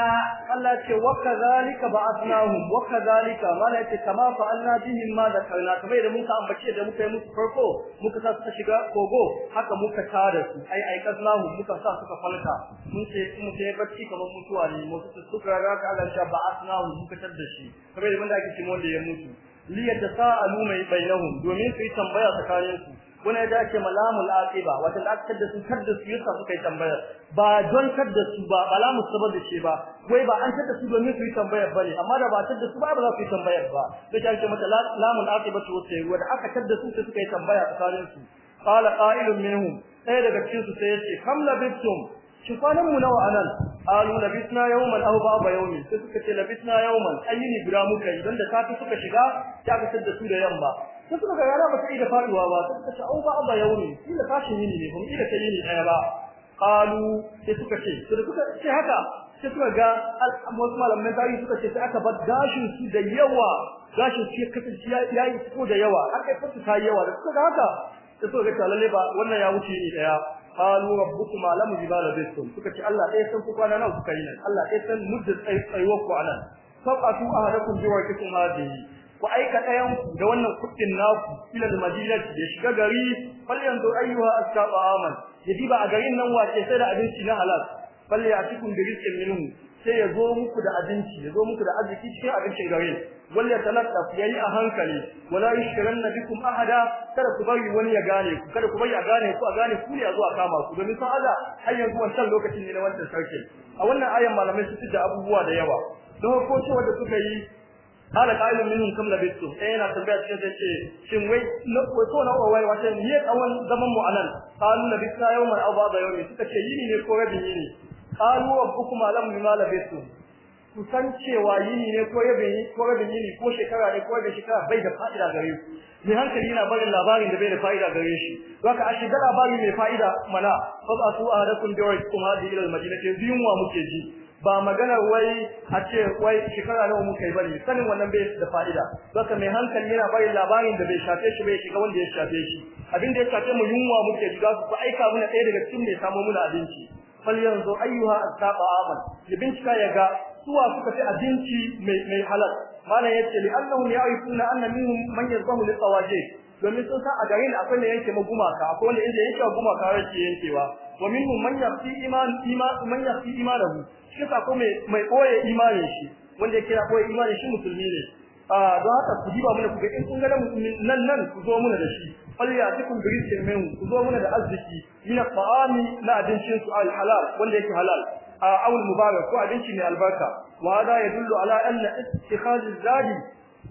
Allah ce wa kadhalika ba'athnahum wa kadhalika malaika kama fa'alna bihim ma zakarna kamar da muka ambace da muka yi musu farko muka sa suka shiga kogo haka muka tada su ai ai kaznahu muka sa suka falka mun ce mun ce bacci kamar mutuwa ne mu su suka raga ka Allah ce ba'athnahum muka tada shi kamar da mun da ake cewa wanda ya mutu liya tasaalu mai bainahum domin su yi tambaya tsakaninsu wani ya dace malamul aqiba wata la'akar da su kadda su yasa suka yi tambayar ba don kadda su ba balamu sabar da shi ba wai ba an tada su domin su yi tambayar bane amma da ba tada su ba ba za su yi tambayar ba sai ta ce mata lamul aqiba to sai wanda aka tada su suka yi tambaya tsakanin su qala qa'ilun minhum sai daga cikin su sai yace ce kam labittum shi kwanan mu nawa anan alu labitna yawman aw ba'da yawmin sai suka ce labitna yawman ayyini guda muka yi dan da safi suka shiga ta aka su da yamma sai suka ga 'yana ba ta da faduwa ba suka ce au ba aba yauni kila tashin yini ne kuma kila ta yini daya ba qalu sai suka ce sai suka sai haka sai kuma ga wasu malaman yi suka ce sai aka bar gashin su da yawa gashin su kasance ya yi ko da yawa har kai fata ta yawa da suka ga haka sai suka ga lalle ba wannan ya wuce ni daya qalu rabbukum alam jibala bisum suka ce Allah ɗaya san ku kwana nawa ku yi nan Allah ɗaya san mudda tsayi tsayi wa ku anan sabatu ahadakum jiwa kitum hadihi ku aika ɗayan da wannan kuɗin naku ila al-madina ya shiga gari fal yanzu ayyuha asaba aman yadi ba a garin nan wace sai da abinci na halal fal ya tikun bi rizqin minhu sai ya zo muku da abinci ya zo muku da arziki cikin abincin garin wal ya talaqqaf yayi a hankali wala yushkiranna nabikum ahada kada ku bari wani ya gane ku kada ku bari a gane ku a gane ku ne a zo a kama ku domin sun aza har yanzu wancan lokacin ne na wannan sarkin a wannan ayan malamai su da abubuwa da yawa don ko cewa da suka yi قال قائل منهم كم لبثتم ايه انا تنبيه cikin sai ce shin wai ko na wai wata ne kawan zaman mu anan qalu labithna yawman aw da yawmin suka ce yini ne ko rabin yini qalu rabbukum alam bima labithtum ku san cewa yini ne ko rabin ko rabin yini ko shekara ne ko rabin shekara bai da fa'ida gare ku ni hankali yana barin labarin da bai da fa'ida gare shi haka a da labari mai fa'ida mana fa ba su ahadakum bi kuma hadhihi al madinati yunwa muke ji ba magana wai a ce wai shekara nawa muka yi bane sanin wannan bai da fa'ida saka mai hankali yana bari labarin da bai shafe shi bai shiga wanda ya shafe shi abin da ya shafe mu yunwa muke ji za su aika muna ɗaya daga cikin mai samo muna abinci fal yanzu ayyuha asaba aman ya bincika ya ga suwa suka fi abinci mai halal malam yace li annahum ya'ifuna anna minhum man yazamu li domin sun san a garin akwai da yanke magumaka akwai wanda inda yanke magumaka ce yankewa wa minhum man fi iman iman man yafi imanahu shi ka ko mai mai koye imanin shi wanda yake koye imanin shi musulmi ne a don haka ku diba mana ku ga in kun ga nan nan ku zo mana da shi falyatikum bi rizqin min ku zo mana da arziki min ta'ami na abincin su al halal wanda yake halal a awul mubarak ko abinci mai albarka wa hada yadullu ala anna ittikhaz zadi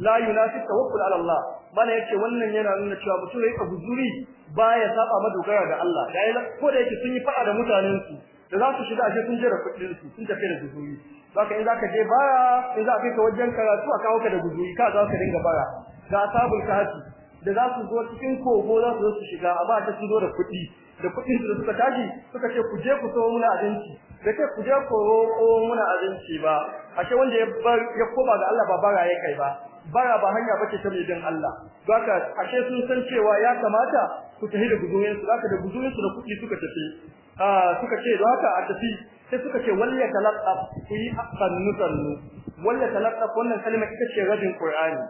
la yunafi tawakkul ala Allah bana yace wannan yana nuna cewa mutum ya ka guzuri baya saba madogara ga Allah dai ko da yake sun yi fada da mutanen su da za su shiga ashe sun jira kudin su sun tafi da guzuri baka in zaka je bara in za ka wajen karatu a kawo ka da guzuri ka za ka dinga bara ga sabul kahati da za su zo cikin kogo za su zo su shiga amma ta sun zo da kudi da kudin su suka tashi suka ce ku je ku so muna abinci da ke ku je ku roƙo muna abinci ba ashe wanda ya koma ga Allah ba bara ya kai ba bara ba hanya bace ta mai bin Allah baka ashe sun san cewa ya kamata ku tafi da guzurin su haka da guzurin su da kuɗi suka tafi ah suka ce don haka a tafi sai suka ce walla talaqaf ku yi sannu walla talaqaf wannan kalma ita ce rajin qur'ani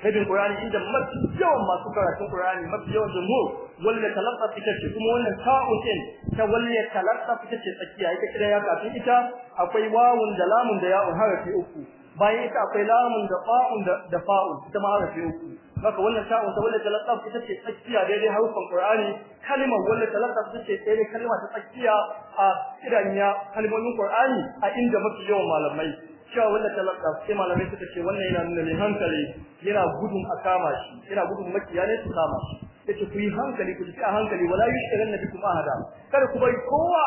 radin qur'ani inda mafi yawan masu karatun qur'ani mafi yawan mu walla talaqaf ita ce kuma wannan ta'utin ta walla talaqaf ita ce tsakiya ita kira ya kafi ita akwai wawun da lamun da ya'un uharfi uku bayan ita akwai lamun da fa'un da fa'un ita ma harafi uku haka wannan ta'un ta wannan talaqqaf ita ce tsakiya daidai harufan Qur'ani kalimar wannan talaqqaf ita ce daidai kalma ta tsakiya a kiranya kalmomin Qur'ani a inda mafi yawan malamai cewa wannan talaqqaf sai malamai suka ce wannan yana nuna mai hankali yana gudun a kama shi yana gudun makiya ne su kama shi yace ku yi hankali ku ji a hankali wala yushtagan nabikum ahada kada ku bai kowa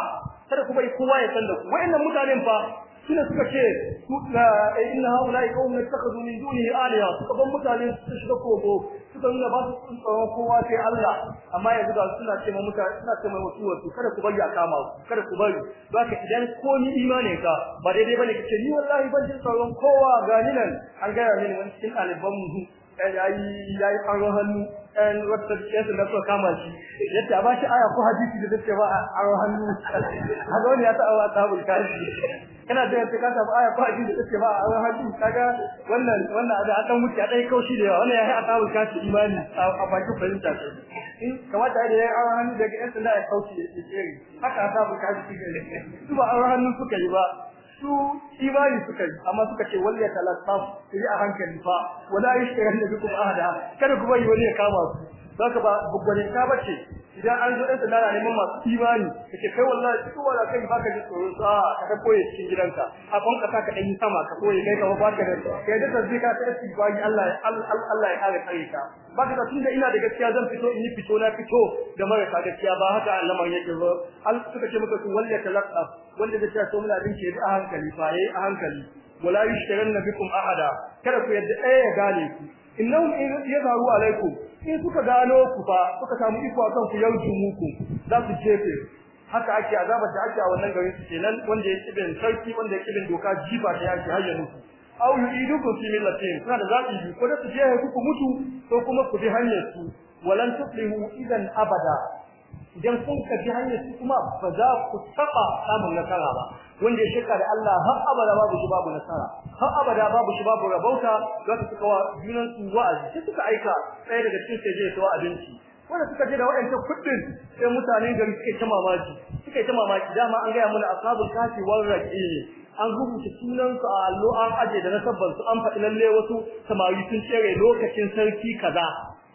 kada ku bai kowa ya san da ku wayannan mutanen fa suna suka ce eh, inna na qaumun ittakhadhu min dunihi aliya suka ban mutane su shiga kogo suka nuna ba su tsaron kowa sai Allah amma yanzu ga suna ce mai mutane suna ce mai wasu wasu kada ku bari a kama su, kada ku bari ba zaka idan ko ni imanin ka ba daidai bane ce ni wallahi ban jin tsaron kowa ga ni nan an gaya ni wani cikin aliban mu yayi aron hannu ɗan wata kesin da suka kama shi yace a bashi aya ko hadisi da take ba aron hannu haka wani ya taɓa tabul kashi kana da yace ka taɓa aya ko hadisi da take ba aron hannu kaga wannan wannan da an wuce a dai kaushi da yawa wannan ya a ta tabul shi. imani a bakin fahimta ce kamata da yayi aron hannu daga yan sanda ya kauce ya tsere haka ta tabul shi su ba aron hannu suka yi ba su imani suka yi amma suka ce walla talasaf yi a hankali fa wala yashtaran bikum ahada kada kuma yi wani ya kama su saka ba gwaninta ba ce idan an zo ɗan tsanana neman masu imani kake kai wallahi cikin wala kai baka ji tsoron sa ka ta koyi cikin gidanka a ban ka saka ɗan sama ka koyi kai ka ba ka da kai da tasbika ta istighfari Allah ya Allah ya kare kai ka baka da tunda ina da gaskiya zan fito in yi fito na fito da marasa gaskiya ba haka annaban yake ba al suka ce maka sun walla talaqa wanda da ta so mun abin ke a hankali fa yayi a hankali wala yishtaranna bikum ahada kada ku yadda ɗaya ya gane ku innahum in yadharu alaikum in suka gano ku fa suka samu iko akan ku yauci muku za su jefe haka ake azaba da ake a wannan garin kenan wanda ya kibin sarki wanda ya kibin doka jifa ta yaki har ya mutu aw yu'idukum fi millatin kana da zabi ko da su je ku mutu ko kuma ku bi hanyar su walan tuflihu idan abada idan kun ka hanyar su kuma ba za ku taba samun nasara ba wanda ya shirka da Allah har abada babu shi babu nasara har abada babu shi babu rabauta za su kawo junan su wa'azi sai suka aika ɗaya daga cikin sai je ya abinci wanda suka je da waɗancan kuɗin sai mutane gari suke ta mamaki suke ta mamaki dama an gaya mana asabul kafi wal raqi an rubuta sunansu a allo an aje da su an faɗi lalle wasu samari sun tsere lokacin sarki kaza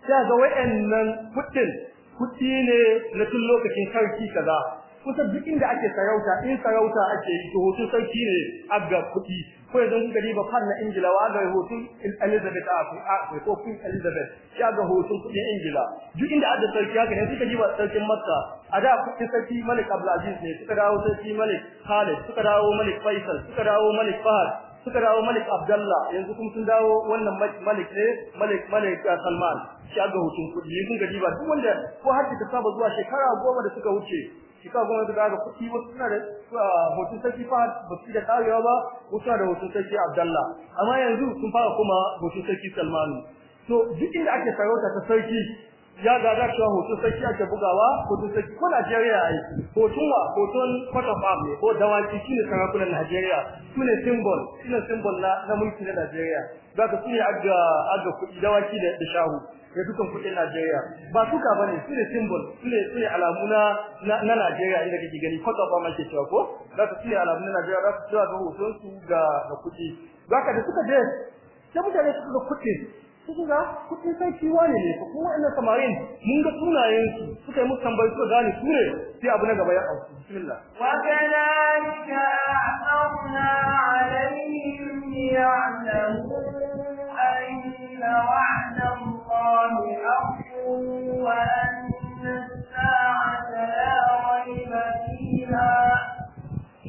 sai ga waɗannan kuɗin kuɗi ne na tun lokacin sarki kaza kusa duk inda ake sarauta in sarauta ake yi to hoton sarki ne aga kuɗi ko yanzu kuka diba kan na ingila wa aga hoton elizabeth a ko kuma elizabeth shi aga hoton kuɗin ingila duk inda ake sarki haka ne suka diba sarkin makka a da kuɗin sarki malik abdulaziz ne suka dawo sarki malik khalid suka dawo malik faisal suka dawo malik fahad suka dawo malik abdullah yanzu kuma sun dawo wannan malik ne malik malik uh, salman shi aka hutun kudi kun gadi ba duk wanda ko har ta saba zuwa shekara goma da suka wuce ka goma da ga kudi wasu suna da uh, hutun sarki fa ba su da karewa ba wasu suna da hutun sarki abdullah amma yanzu sun fara kuma hutun sarki salman to duk inda ake sarauta ta sarki ya da cewa hoto sarki ake bugawa hoton sarki ko Najeriya ai hoton wa hoton kwata ne ko dawaki shine sarakunan Najeriya sune symbol shine symbol na na mulki na Najeriya zaka sune adda adda kudi dawaki da shahu da dukan kudin Najeriya ba suka bane sune symbol sune sune alamu na na Najeriya inda kake gani kwata farm ake cewa ko zaka sune alamu na Najeriya zaka cewa ga hoton su ga da kudi zaka da suka je sai mutane suka kuɗi kuka kuɗin sarki wani ne ko wa'annan samarin mun ga sunayen su suka yi musu tambayi suka gane su ne sai abu na gaba ya auku bismillah wa kadhalika aqna alaihim ya'lamu anna wa'da allahi haqqun wa anna as-sa'ata la rayba fiha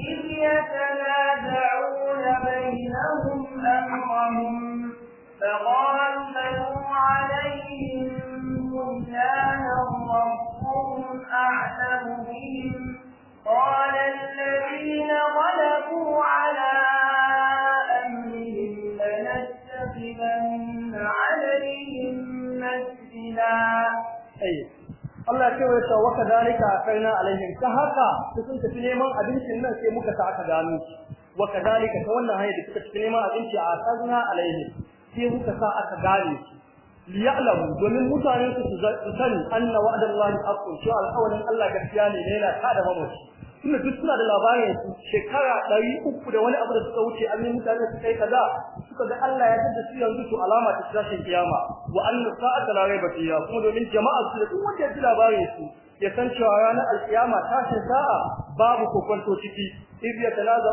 إذ يتنازعون بينهم أمرهم فقال لهم عليهم بنيانا ربهم أعلم بهم قال الذين غلبوا على أمرهم لنتخذن عليهم مسجدا Allah ce wai sau waka zalika karna alaihim ta haka su sun tafi neman abincin nan sai muka sa aka gano wa kadalika ta wannan hanyar da suka tafi neman abinci a karna alaihim sai suka sa aka gane shi liya'lamu domin mutane su sani anna wa'dallahi haqqun shi alƙawarin Allah gaskiya ne yana kada mamaci tunda duk suna da labarin su shekara ɗari uku da wani abu da suka wuce an yi mutane su kai kaza suka ga Allah ya tada su yanzu to alama ta tashin kiyama wa anna sa'ata la raiba fiha kuma domin jama'a su da duk wanda ya ji labarin su ya san cewa ranar ta ce sa'a babu kokonto ciki iz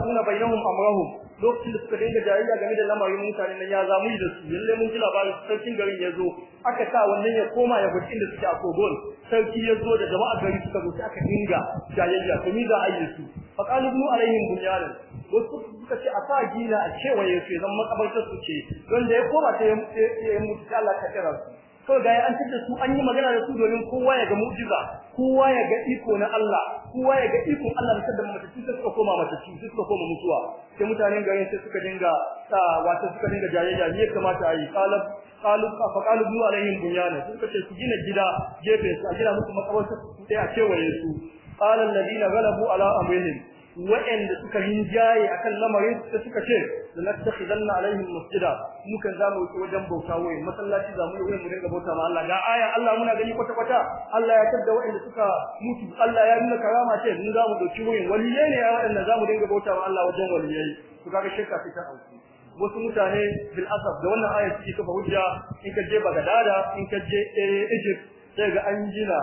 una bainahum amrahum lokacin da suka dinga jariya game da lamarin mutane nan ya zamu yi da su lalle mun ji labarin sarkin garin ya zo aka sa wannan ya koma ya gudu da suke a kogon sarki ya zo da jama'a gari suka zo aka dinga jayayya to ni za a yi su qalu ibn alaihim bunyanan wasu suka ce a sa gina a kewaye su zan makabartar su ce don da ya koma ta ya mutu Allah ka kira su ko ga an tabbata su an yi magana da su domin kowa ya ga mu'jiza kowa ya ga iko na Allah kowa ya ga iko Allah da mutaci sai suka koma mutaci sai suka koma mutuwa sai mutanen garin sai suka dinga wato suka dinga jayayya ne kamata ayi qalab qalu fa qalu bu alaihim bunyana suka ce su gina gida gefe su a gina musu makabarta sai a kewaye su qalan ladina ghalabu ala amrihim waɗanda suka rinjaye akan lamarin da suka ce zanna alaihin masjida muka mu yi wajen bauta wai masallaci mu yi wai mu dinga bauta ma Allah ga aya Allah muna gani kwata kwata Allah ya tada waɗanda suka mutu Allah ya nuna karama ce mun zamu ɗauki wurin. waliyai ne waɗanda zamu dinga bauta ma Allah wajen waliyai to kaga shirka sai ta auki wasu mutane bil asab da wannan aya suke kafa hujja in ka je Bagdad in ka je eh, Egypt sai ga an gina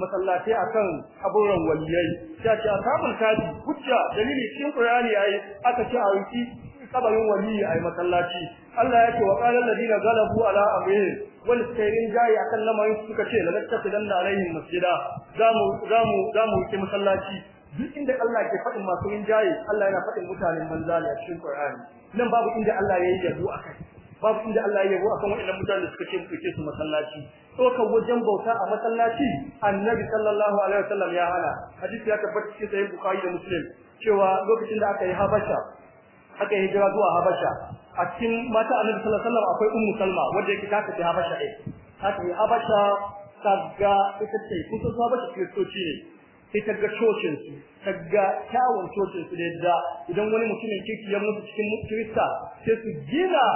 masallatai akan kaburin waliyai ta ce ashabul kaji hujja dalili cikin qur'ani yayi aka ce a wuci kabarin waliyi ai masallaci Allah yake wa qala alladhina galabu ala amrin wal sayrin jayi akan lamarin suka ce la tattafidanna alaihim masjida zamu zamu zamu ki masallaci duk inda Allah ke faɗin masu rinjaye Allah yana faɗin mutanen banza ne cikin Qur'ani nan babu inda Allah yayi yabo akai babu inda Allah ya yabo akan waɗannan mutanen da suka ce suke su masallaci ɗaukar wajen bauta a masallaci annabi sallallahu alaihi wasallam ya hana hadisi ya tabbata cikin sahih bukhari da muslim cewa lokacin da aka yi habasha aka yi hijira zuwa habasha a cikin mata annabi sallallahu alaihi wasallam akwai ummu salma wanda yake ta tafi habasha ɗin ta tafi habasha ta ga ita ce kun san habasha kiristoci ne sai ta ga cocin su ta ga kyawun cocin su da yadda idan wani mutumin kirki ya mutu cikin kirista sai su gina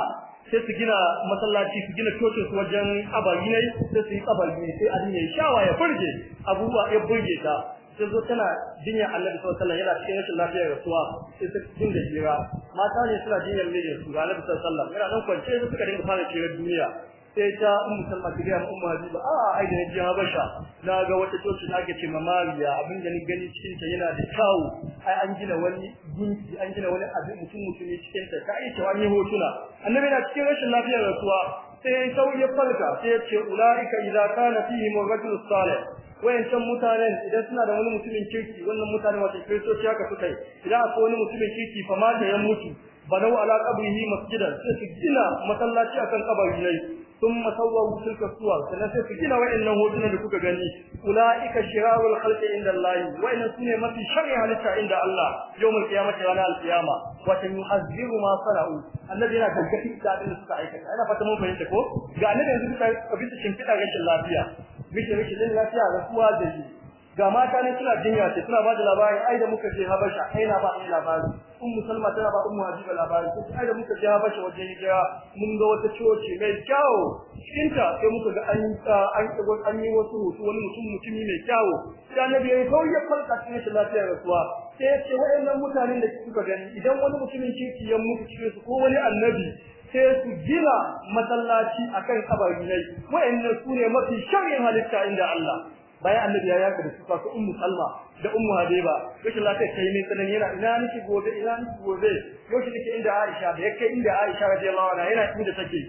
sai su gina masallaci su gina cocin su wajen abayi ne sai su yi abayi ne sai abin ya shawa ya furge abubuwa ya burge ta sai zo tana jinya annabi sallallahu alaihi wasallam yana cikin rashin lafiya rasuwa sai ta cikin da jira mata ne suna jinyar mijin su ga annabi sallallahu alaihi wasallam yana nan kwance sai suka dinga fara cewa duniya sai ta in salma ta ga ummu habiba a ah, ai da ji habasha na ga wata coci da ake ce mamariya abin da ni gani cikin ta yana da tawo ai an gina wani gunki an gina wani abin mutum mutune cikin ta sai ta wani hotuna annabi na cikin rashin lafiyar rasuwa sai ya farka sai ce ulaika idza kana fihim ar-rajul salih wayancan mutanen idan suna da wani mutumin kirki wannan mutanen wato kristoci haka suka yi idan akwai wani mutumin kirki fa ma da ya mutu banau ala qabrihi masjidan sai su gina masallaci akan kabari ne ثم صوروا تلك الصور ثلاثة كلا وإن هدنا لكوك غني أولئك شرار الخلق عند الله وإن سنة ما في شر هلتا عند الله يوم القيامة ولا القيامة وتنحذر ما صنعوا الذي لا تنكفي تعدل سكعيك أنا فتمون فهمتكو قال لك أن تبقى بنت شمكتا غيش اللافية مش مش لن لافية لكوا دجي ga mata ne suna jinya ce suna ba da labari ai da muka je Habasha ai na ba ni labari um musulma tana ba ummu habiba labari sai ai da muka je Habasha wajen ga mun ga wata coci mai kyau cikin ta sai muka ga an an tsago an yi wasu hutu wani mutum mutumi mai kyau da nabi ya ko ya farka cikin shi lafiyar rasuwa sai ya ce waɗannan mutanen da kuka gani idan wani mutumin kirki ya mutu cikin su ko wani annabi sai su gina masallaci akan kabari nai wa'annan sune mafi sharri halitta inda Allah bayan annabi ya yaka da suka su ummu salma da ummu habiba kace la kai ne sanan yana ina nake gobe ina nake gobe yoshi nake inda aisha da yake inda aisha radiyallahu anha yana inda take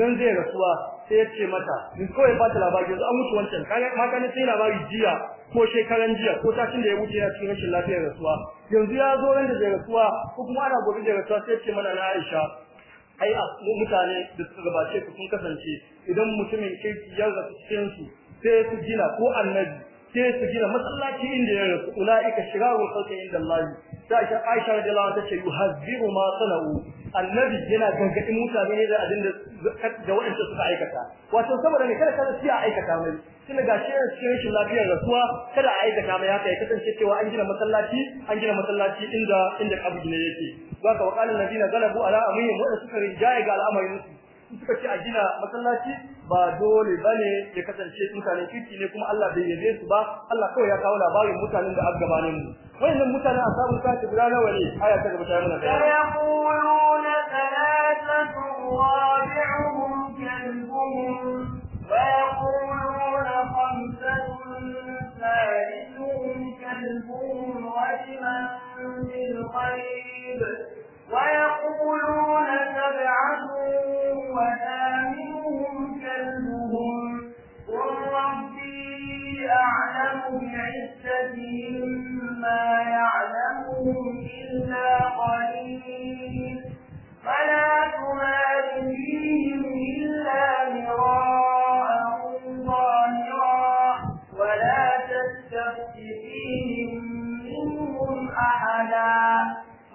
nan zai rasuwa sai yace mata in kawai ba ta labari yanzu an mutu wancan kaga ma kana sai labari jiya ko shekaran jiya ko tashin da ya wuce ya cikin rashin lafiyar rasuwa yanzu ya zo ran da zai rasuwa ko kuma ana gobe da rasuwa sai ya ce mana na Aisha ai mutane da suka gabace ku sun kasance idan mutumin kirki ya zata cikin su sai su gina ko annabi sai su gina masallaci inda ya rasu ulaika shirarul khalqi inda Allah sai Aisha Aisha radiyallahu anha tace yuhazziru ma sana'u annabi yana gangadin mutane da abin da da suka aikata wato saboda ne kada kada sai aikata mai tunda ga shi rashin lafiyar rasuwa kada a aikata mai haka ya kasance cewa an gina masallaci an gina masallaci inda inda kaburi ne yake zaka wa qala alladhina galabu ala amrihim wa suka rinjaye ga al'amarin su suka ce a gina masallaci ba dole bane ya kasance mutanen kirki ne kuma Allah bai yabe su ba Allah kawai ya kawo labarin mutanen da aka gabanin mu wayannan mutanen ashabul kahfi guda nawa ne aya ta gaba ta mana bayani yaquluna thalathatu rabi'uhum kalbuhum wa yaquluna khamsatun ثالثهم كلبهم رجما بالغيب ويقولون سبعة وآمنهم كلبهم قل ربي أعلم بعزتهم ما يعلمهم إلا قليل فلا تمار فيهم إلا مرارا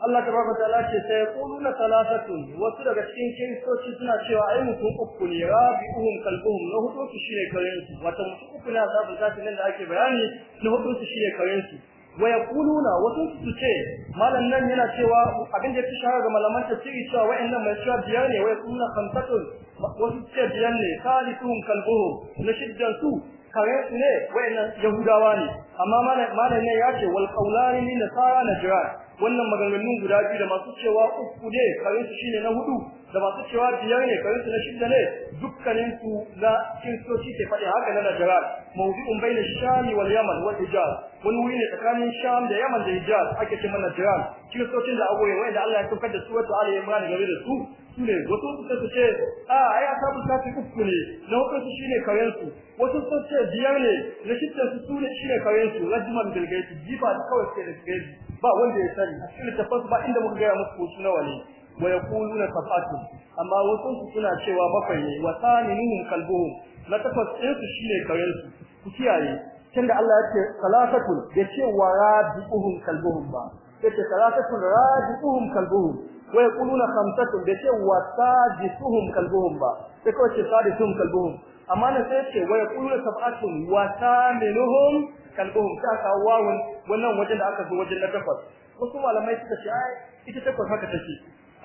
Allah ta tabaraka ta'ala ce sai yaquluna thalathatun wasu daga cikin kiristoci suna cewa ai mutum uku ne rabi'uhum kalbuhum na hudu su shine karen su wata mutum uku ne da ba ta nan da ake bayani na hudu su shine karen su wa yaquluna wasu su ce malam nan yana cewa abin da ya shahara ga malaman tafsiri cewa wayannan mai cewa biyar ne wa yaquluna khamsatun wasu su ce biyar ne salisuhum kalbuhum na shiddan su kare ne wayannan yahudawa ne amma malan ne ya ce wal qawlani min nasara najran wannan maganganun guda biyu da masu cewa uku ne karin su shine na hudu da masu cewa biyar ne karin su na shida ne dukkanin su na shi ke faɗi haka na najarar mawdu'un baina Sham wal yaman wal hijaz wani wuri ne tsakanin sham da yaman da hijaz ake ce mana so kiristocin da agoye wanda Allah ya saukar da su wato Ali imran gari da su sune. wato wasu ta su ce a ai a sabu sati uku ne na hudu su shine karin su wato su ce biyar ne na shida su su ne shine karin su rajman bilgaiti jifa kawai sai da gaiti ba wanda ya sani a cikin littafin ba inda muka gaya musu su nawa ne wa yaquluna safatu amma wasu su suna cewa bakwai ne wa saninihim kalbuhu la tafas su shine kawai su ku kiyaye tunda Allah ya ce salatatul ya ce wa rabiuhum kalbuhum ba yace salatatul rabiuhum kalbuhum wa yaquluna khamsatun ya ce wa sadisuhum kalbuhum ba sai kawai ce sadisuhum kalbuhum amma ne sai ce wa yaquluna sab'atun wa saminuhum kalbuhum ta ka wawun wannan wajen da aka zo wajen na takwas wasu malamai suka ce ai ita takwas haka take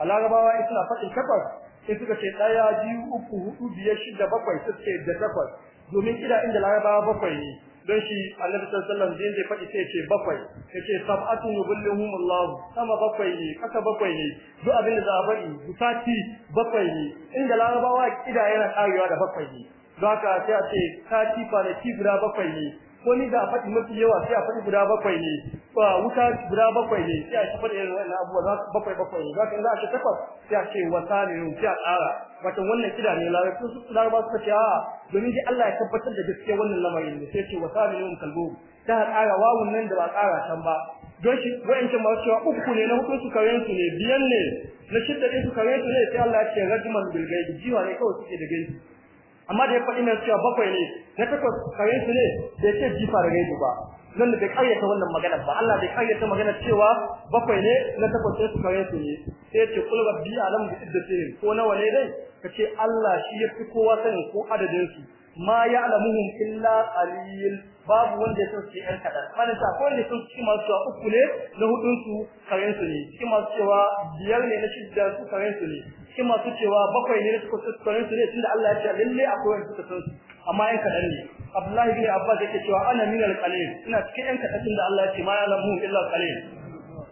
alagabawa ita suna faɗin takwas sai suka ce ɗaya biyu uku hudu biyar shida bakwai sai ce da takwas domin ida inda larabawa bakwai ne don shi annabi sallallahu alaihi wasallam zai faɗi sai ce bakwai ce sab'atu yubillihum Allah sama bakwai ne kasa bakwai ne duk abin da za a faɗi bukati bakwai ne inda larabawa ida yana karewa da bakwai ne Zaka haka sai a ce kati kwanaki guda bakwai ne wani da a faɗi mafi yawa sai a faɗi guda bakwai ne ba wuta guda bakwai ne sai a shafa faɗi irin wannan abubuwa za su bakwai bakwai ne za ka za a ci takwas sai a ce wata ne sai a ƙara wato wannan kida ne larabci su larabci suka ce a'a domin dai Allah ya tabbatar da gaskiya wannan lamarin ne sai ce wata ne yau kalbo ta ƙara wawun nan da ba ƙara can ba don shi wa'ancan masu cewa uku ne na hukun su karen su ne biyan ne na shidda ɗin su karen su ne sai Allah ya ce rajiman bilgai jiwa ne kawai suke da gaisu amma da ya faɗi nan cewa bakwai ne na takwas karen su ne da yake jifa da gaidu ba nan da bai karyata wannan magana ba Allah bai karyata magana cewa bakwai ne na takwas sai su kayan su ne sai ya ce kul rabbi alam bi iddatihim ko nawa ne Ka ce Allah shi ya fi kowa sanin ko adadin su ma ya'lamuhum illa qalil babu wanda ya san su yan kadan mana ta ko ne sun cikin masu cewa uku ne na hudun su karen su ne cikin masu cewa biyar ne na shidda su karen su ne cikin masu cewa bakwai ne suka tsoron su ne tunda Allah ya ce lalle akwai wanda suka san amma yan kadan ne Abdullahi bin Abbas yake cewa ana min al-qalil ina cikin yan kadan tunda Allah ya ce ma ya'lamu illa qalil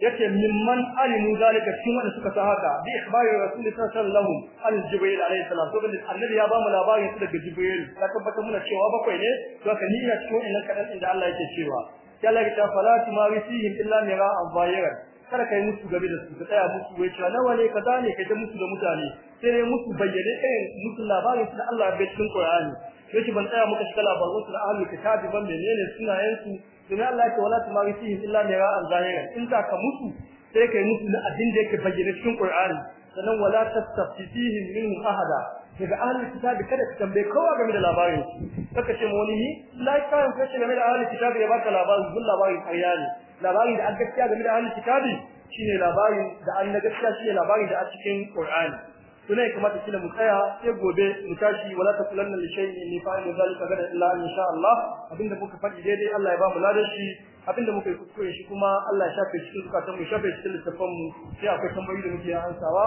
yake mimman alimu zalika shi wanda suka sa haka bi ikhbari rasul sallallahu alaihi jibril alaihi salam to annabi ya ba mu labarin su daga jibril Ya tabbata muna cewa bakwai ne to ka ni ina cikin yan kadan inda Allah yake cewa ya Allah mari siyin fala tumarifihim illa mira'an zahiran kada kai musu game da su ka tsaya musu wai cewa nawa ne kaza ne kai ta musu da mutane sai ne musu bayyane irin musu labarin da Allah bai cikin Qur'ani yace ban tsaya muka shiga labarin su da ahlul kitabi ban menene sunayen su dan Allah ya wala tuma fihi illa mira an zahira in ka ka musu sai kai musu na abin da yake bayyane cikin Qur'ani sannan wala tastafihi min ahada daga ahli kitabi kada ka tambaye kowa game da labarin su kaka ce mu wani lai kan kace game da ahli kitabi ya baka labarin dun labarin karya ne labarin da an gaskiya game da ahlul kitabi shine labarin da an na gaskiya shine labarin da a cikin Qur'ani tunai kuma ta kila mu tsaya sai gobe mu tashi wala taqulanna li shay'in ni fa'ilu zalika gada illa in sha Allah abinda muka faɗi daidai Allah ya ba mu ladan shi abinda muka yi kuskure shi kuma Allah ya shafe cikin zukatan mu shafe cikin littafan mu sai akwai tambayoyi da muke ansawa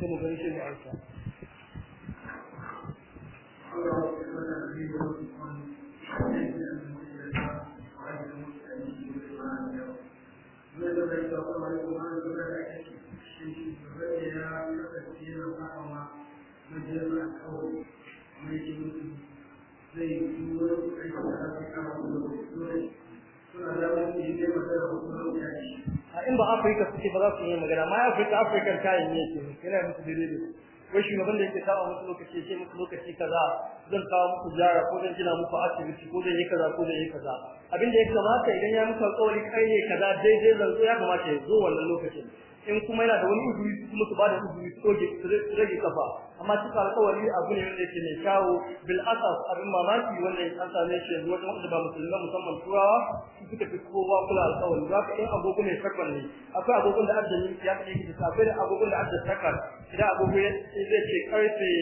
sai mu gani shi mu ansa Thank you. in ba afirka suke ba za su yi magana ma afirka afirkan kayan yake yana musu daidai wai shugaban da yake kawo musu lokaci sai musu lokaci kaza zan kawo muku ziyara ko zan gina muku asibiti ko zan yi kaza ko zan yi kaza abin da ya kamata idan ya muku alƙawari kai ne kaza daidai zan zo ya kamata ya zo wannan lokacin in kuma yana da wani uzuri su kuma su bada uzuri su ko su rage kafa amma cika alƙawari abu ne wanda yake mai kyawu bil asas abin mamaki wanda an same shi yanzu wata wanda ba musulman musamman turawa su suka fi kowa kula alƙawari za ka ɗan agogo mai sakon ne akwai agogon da adda ya fi yake da safe da agogon da adda sakar idan agogo zai ce karfe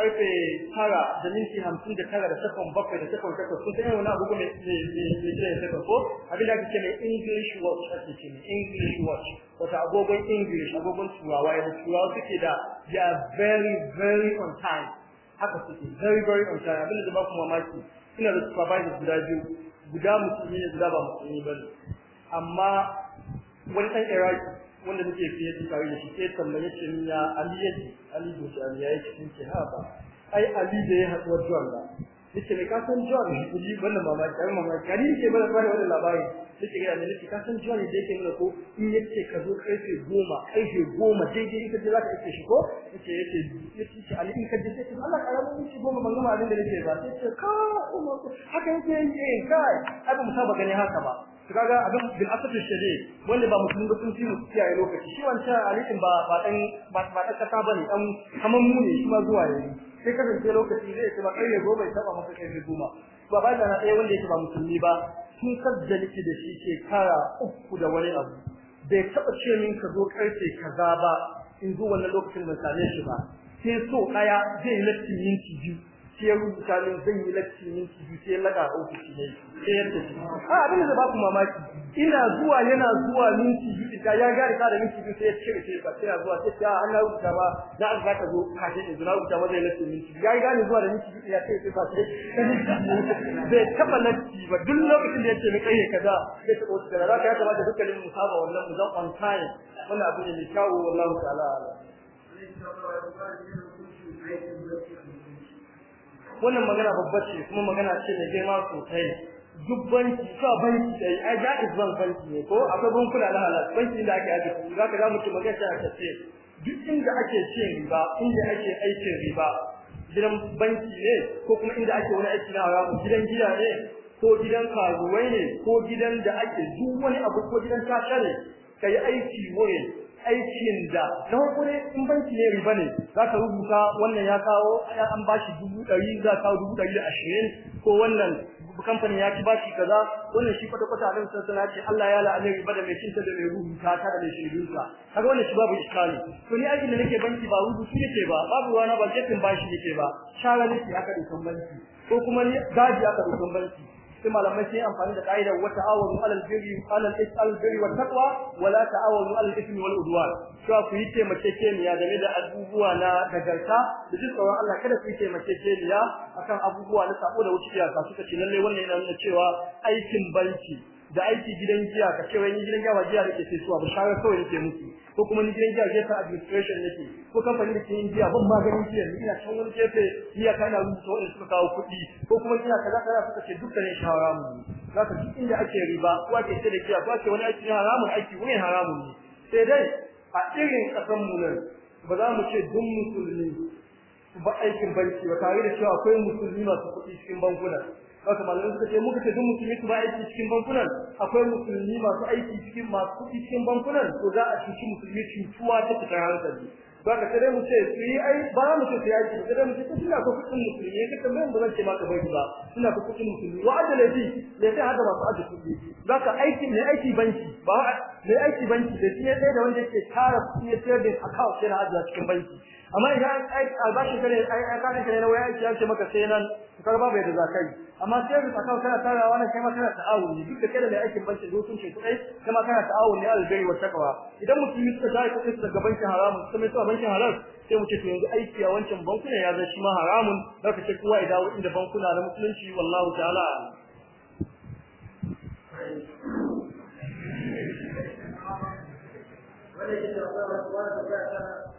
karfe tara da minti hamsin da tara da sakon bakwai da sakon takwas kun san wani abu mai mai mai ko abin da ake mai English watch a ce mai English watch wata agogon English agogon turawa ya turawa suke da they are very very on time haka suke very very on time abin da ba kuma mamaki suna da supervisors guda biyu guda musulmi ne guda ba musulmi ba ne amma wani ɗan Iraki wanda nake fiye da tare da shi sai tambaye ce ni ya Ali yake Ali ko shi ya yi cikin kihaba ai Ali da ya haɗu da John ba nake ne ka san John ji wannan mama ka mamaki mama ka kari ke bada fara wannan labari nake ga ne nake ka san John da yake mana ko in yace ka zo karfe 10 karfe 10 daidai ita ce za ka yake shi ko nake yake yace Ali in ka ji sai Allah ka rabu shi goma ban gama abin da nake ba sai ce ka kuma haka yake yin eh, kai abin musaba gane haka ba kaga abin bil asr shade wanda ba musulmi ba sun tilu kiyaye lokaci shi wancan alikin ba ba dan ba ba dan kasa bane dan kaman mu ne kuma zuwa yayi sai kasance lokaci zai ce ba kai ne gobe taba masa kai ne goma to ba da na ɗaya wanda yake ba musulmi ba sun sadda liki da shi ke kara uku da wani abu bai taba ce min ka zo karfe kaza ba in zo wannan lokacin ban same shi ba sai so daya zai yi minti biyu sai misalin rubuta zan yi lakci min ki sai lada ofishi ne sai ya tafi a abin da ba ku mamaki ina zuwa yana zuwa min ki ka ya ga da min ki sai ya ce sai ba sai ya zuwa sai ah, ya Allah rubuta ba da an zaka zo ka ce in zuwa rubuta ba zai lakci min ki ya ga ni zuwa da min ki ya ce sai ba sai zai taba lacci ba duk lokacin da yace ni kai kaza sai ta ofishi da zaka ya kamata dukkanin mu saba wannan mu zan on time wannan abin da ne kawo wallahi ta'ala wannan magana babbar ce kuma magana ce mai girma sosai duk banki ka banki dai ai da izban banki ne ko akwai bankuna na halal banki da ake aje ku zaka ga mutum magana ta tace duk inda ake ce riba inda ake aikin riba gidan banki ne ko kuma inda ake wani aiki na haramu gidan gida ne ko gidan karuwai ne ko gidan da ake duk wani abu ko gidan tashare kai aiki wurin aikin da na farko in banki ne riba ne za ka rubuta wannan ya kawo an bashi dubu ɗari za kawo dubu ɗari da ashirin ko wannan kamfanin ya ci bashi kaza wannan shi kwata kwata abin sun sana ce Allah ya la'ani riba da mai cinta da mai rubuta ta da mai shirunta kaga wannan shi babu iskali to ni aikin da nake banki ba rubutu yake ba babu rana ba jefin bashi yake ba shara nake aka dukan banki ko kuma ni gaji aka dukan banki sai malamai sai amfani da ka'idar wa ta'awunu 'alal birri 'alal isal birri wa taqwa wa la ta'awunu 'alal ithmi wal udwan to ku yi game da abubuwa na dagarta da jin tsoron Allah kada ku yi taimakekeniya akan abubuwa na sabo da wuce iyaka suka ce lalle wannan yana nuna cewa aikin banki da aiki gidan giya ka ce wai gidan giya ba giya nake sai suwa ba shawar kawai nake musu ko kuma ni gidan giya ke ta administration nake ko kamfanin da ke yin giya ban maganin giya ni ina can wani gefe iya kana rubuta wanda suka kawo kuɗi ko kuma ina kaza kaza suka ce dukkanin shawara mu za ka duk inda ake riba ko ake ce da giya ko ake wani aiki haramun aiki wani haramun ne sai dai a irin kasan mu nan ba za mu ce duk musulmi ba aikin banki ba tare da cewa akwai musulmi masu kuɗi cikin bankuna haka malamin suka ce muka ce duk musulmi su ba aiki cikin bankunan akwai musulmi masu aiki cikin masu cikin bankunan to za a cuci musulmi cutuwa ta fitar hankali ba ka tare mu ce su yi ai ba mu ce su yi aiki kada mu ce ko suna ko kuɗin musulmi ka tambaye mu ba zan ce maka bai ba suna ko kuɗin musulmi wa adala bi ne sai hada masu aji kuɗi za ka aiki mai aiki banki ba mai aiki banki da shi ne ɗaya da wanda yake tara kuɗi ya sayar da account yana ajiya cikin banki amma idan albashi kare ai kana kare wai aiki ya ce maka sai nan kar ba bai da zakai amma sai ka kawo kana tara wannan kai ma kana ta'awuni duk da kai da mai aikin banki dokin kudai, ce kai kai kana ta'awuni al gari wa takwa idan mutum yi tsaka ko tsaka daga bankin haramun sai mutum bankin halal sai mu ce to yanzu aiki a wancan bankuna ya zama shi ma haramun da ce kuwa ya dawo inda bankuna na musulunci wallahu ta'ala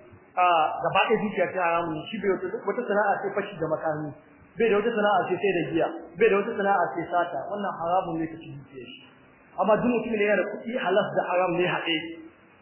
a gaba ɗaya dukiya ta haramun shi bai wata sana'a sai fashi da makami bai da wata sana'a sai sai da giya bai da wata sana'a sai sata wannan haramun ne kace dukiyar shi amma duk mutum ne yana da kuɗi halas da haram ne haɗe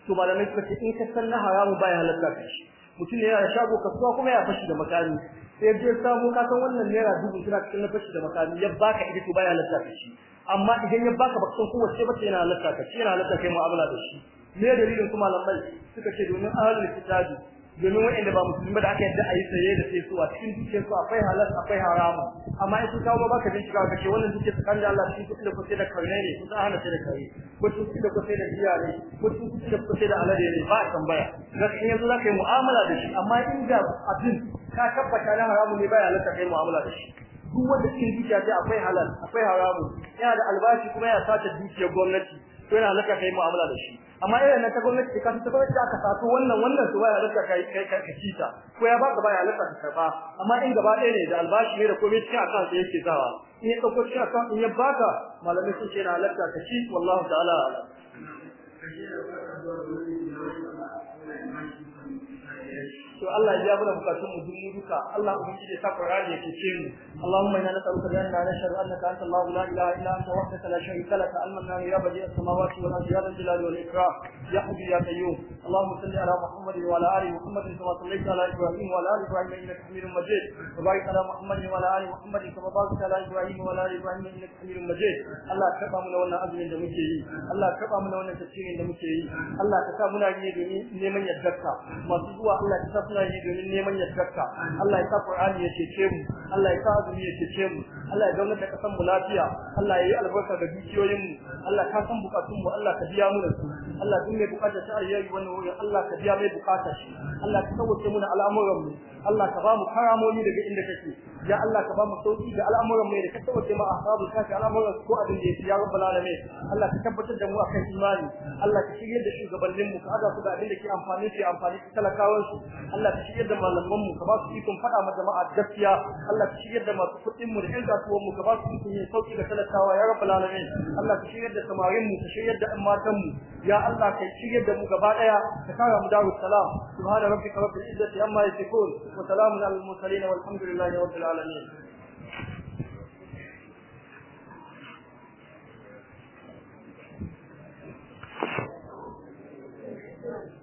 to malamai mai ce in ka san na haramu ya halatta ka shi mutum ne yana da shago kasuwa kuma ya fashi da makami sai je samu ka san wannan naira dubu kina cikin fashi da makami ya baka ita to ya halatta ka shi amma idan ya baka baka san kowace ba yana halatta ka shi yana halatta kai mu'amala da shi me dalilin kuma lamai suka ce domin ahlul kitabi domin waɗanda ba musulmi ba da aka yadda a yi saye da sai su a cikin dukiyar su akwai halal akwai haramun amma in sun kawo ka bin shiga kace wannan duk tsakanin da Allah cikin kuɗi da kusa da karne ne kuɗi hana sai da kare Ko sun kuɗi da kusa da biya ne sun kuɗi da kusa da alade ne ba tambaya gaskiya yanzu za ka yi mu'amala da shi amma in da abin ka tabbata na haramun ne ba ya halatta kai mu'amala da shi duk wanda cikin dukiya sai akwai halal akwai haramun yana da albashi kuma ya sace dukiyar gwamnati to yana halaka kai mu'amala da shi amma irin na ta gwamnati ka ta gwamnati aka sato wannan wannan su baya halaka kai kai ka ta, ko ya baka baya halaka ka karba amma in gaba ɗaya ne da albashi ne da komai cikin akan sai yake zawa in ya dauko cikin akan in ya baka malamai sun ce na halaka ka ci wallahu ta'ala to Allah ya bada bukatun mu duniya duka Allah ya sa Qur'ani ya cece mu Allahumma inna nas'aluka bi anna nashhadu annaka anta Allah la ilaha illa anta wahdaka la sharika lak al ya badi as-samawati wal ardi ya jalali wal ikram ya hayyu ya qayyum Allahumma salli ala Muhammad wa ala ali Muhammad kama sallaita ala Ibrahim wa ala ali Ibrahim innaka Hamidum Majid wa barik ala Muhammad wa ala ali Muhammad kama barakta ala Ibrahim wa ala ali Ibrahim innaka Hamidum Majid Allah ka ba mu wannan azumin da muke yi Allah ka ba mu wannan tafsirin da muke yi Allah ka sa muna yi neman yardarka masu zuwa Allah ka suna yi domin neman yardarka Allah ya sa Qur'ani ya cece mu Allah ya sa azumi ya cece mu Allah ya zauna da kasan mu lafiya Allah ya yi albarka ga dukiyoyin mu Allah ka san bukatun mu Allah ka biya mu da su Allah duk mai bukata ta alheri wannan wurin Allah ka biya mai bukatar shi Allah ka sauke mu da al'amuran mu Allah ka ba mu karamomi daga inda kake ya Allah ka ba mu sauki da al'amuran mai da ka tabbata ma ashabu ka ka al'amuran ko abin da yake ya rabbal alamin Allah ka tabbatar da mu akan imani Allah ka shirye da shugabannin mu ka aza da abin da ke amfani su amfani su talakawan su Allah ka shirye da malaman mu ka ba su ikon faɗa ma jama'a gaskiya Allah ka shirye da masu kuɗin mu da ƴan kasuwan mu ka ba su ikon yin sauki da talakawa ya rabbal alamin Allah ka shirye da samarin mu ka shirye da matan mu ya Allah ka shirye da mu gaba daya ka kawo mu darus salam subhana rabbika rabbil izzati amma yasifun wa salamun alal mursalin walhamdulillahi rabbil العالمين Thank you.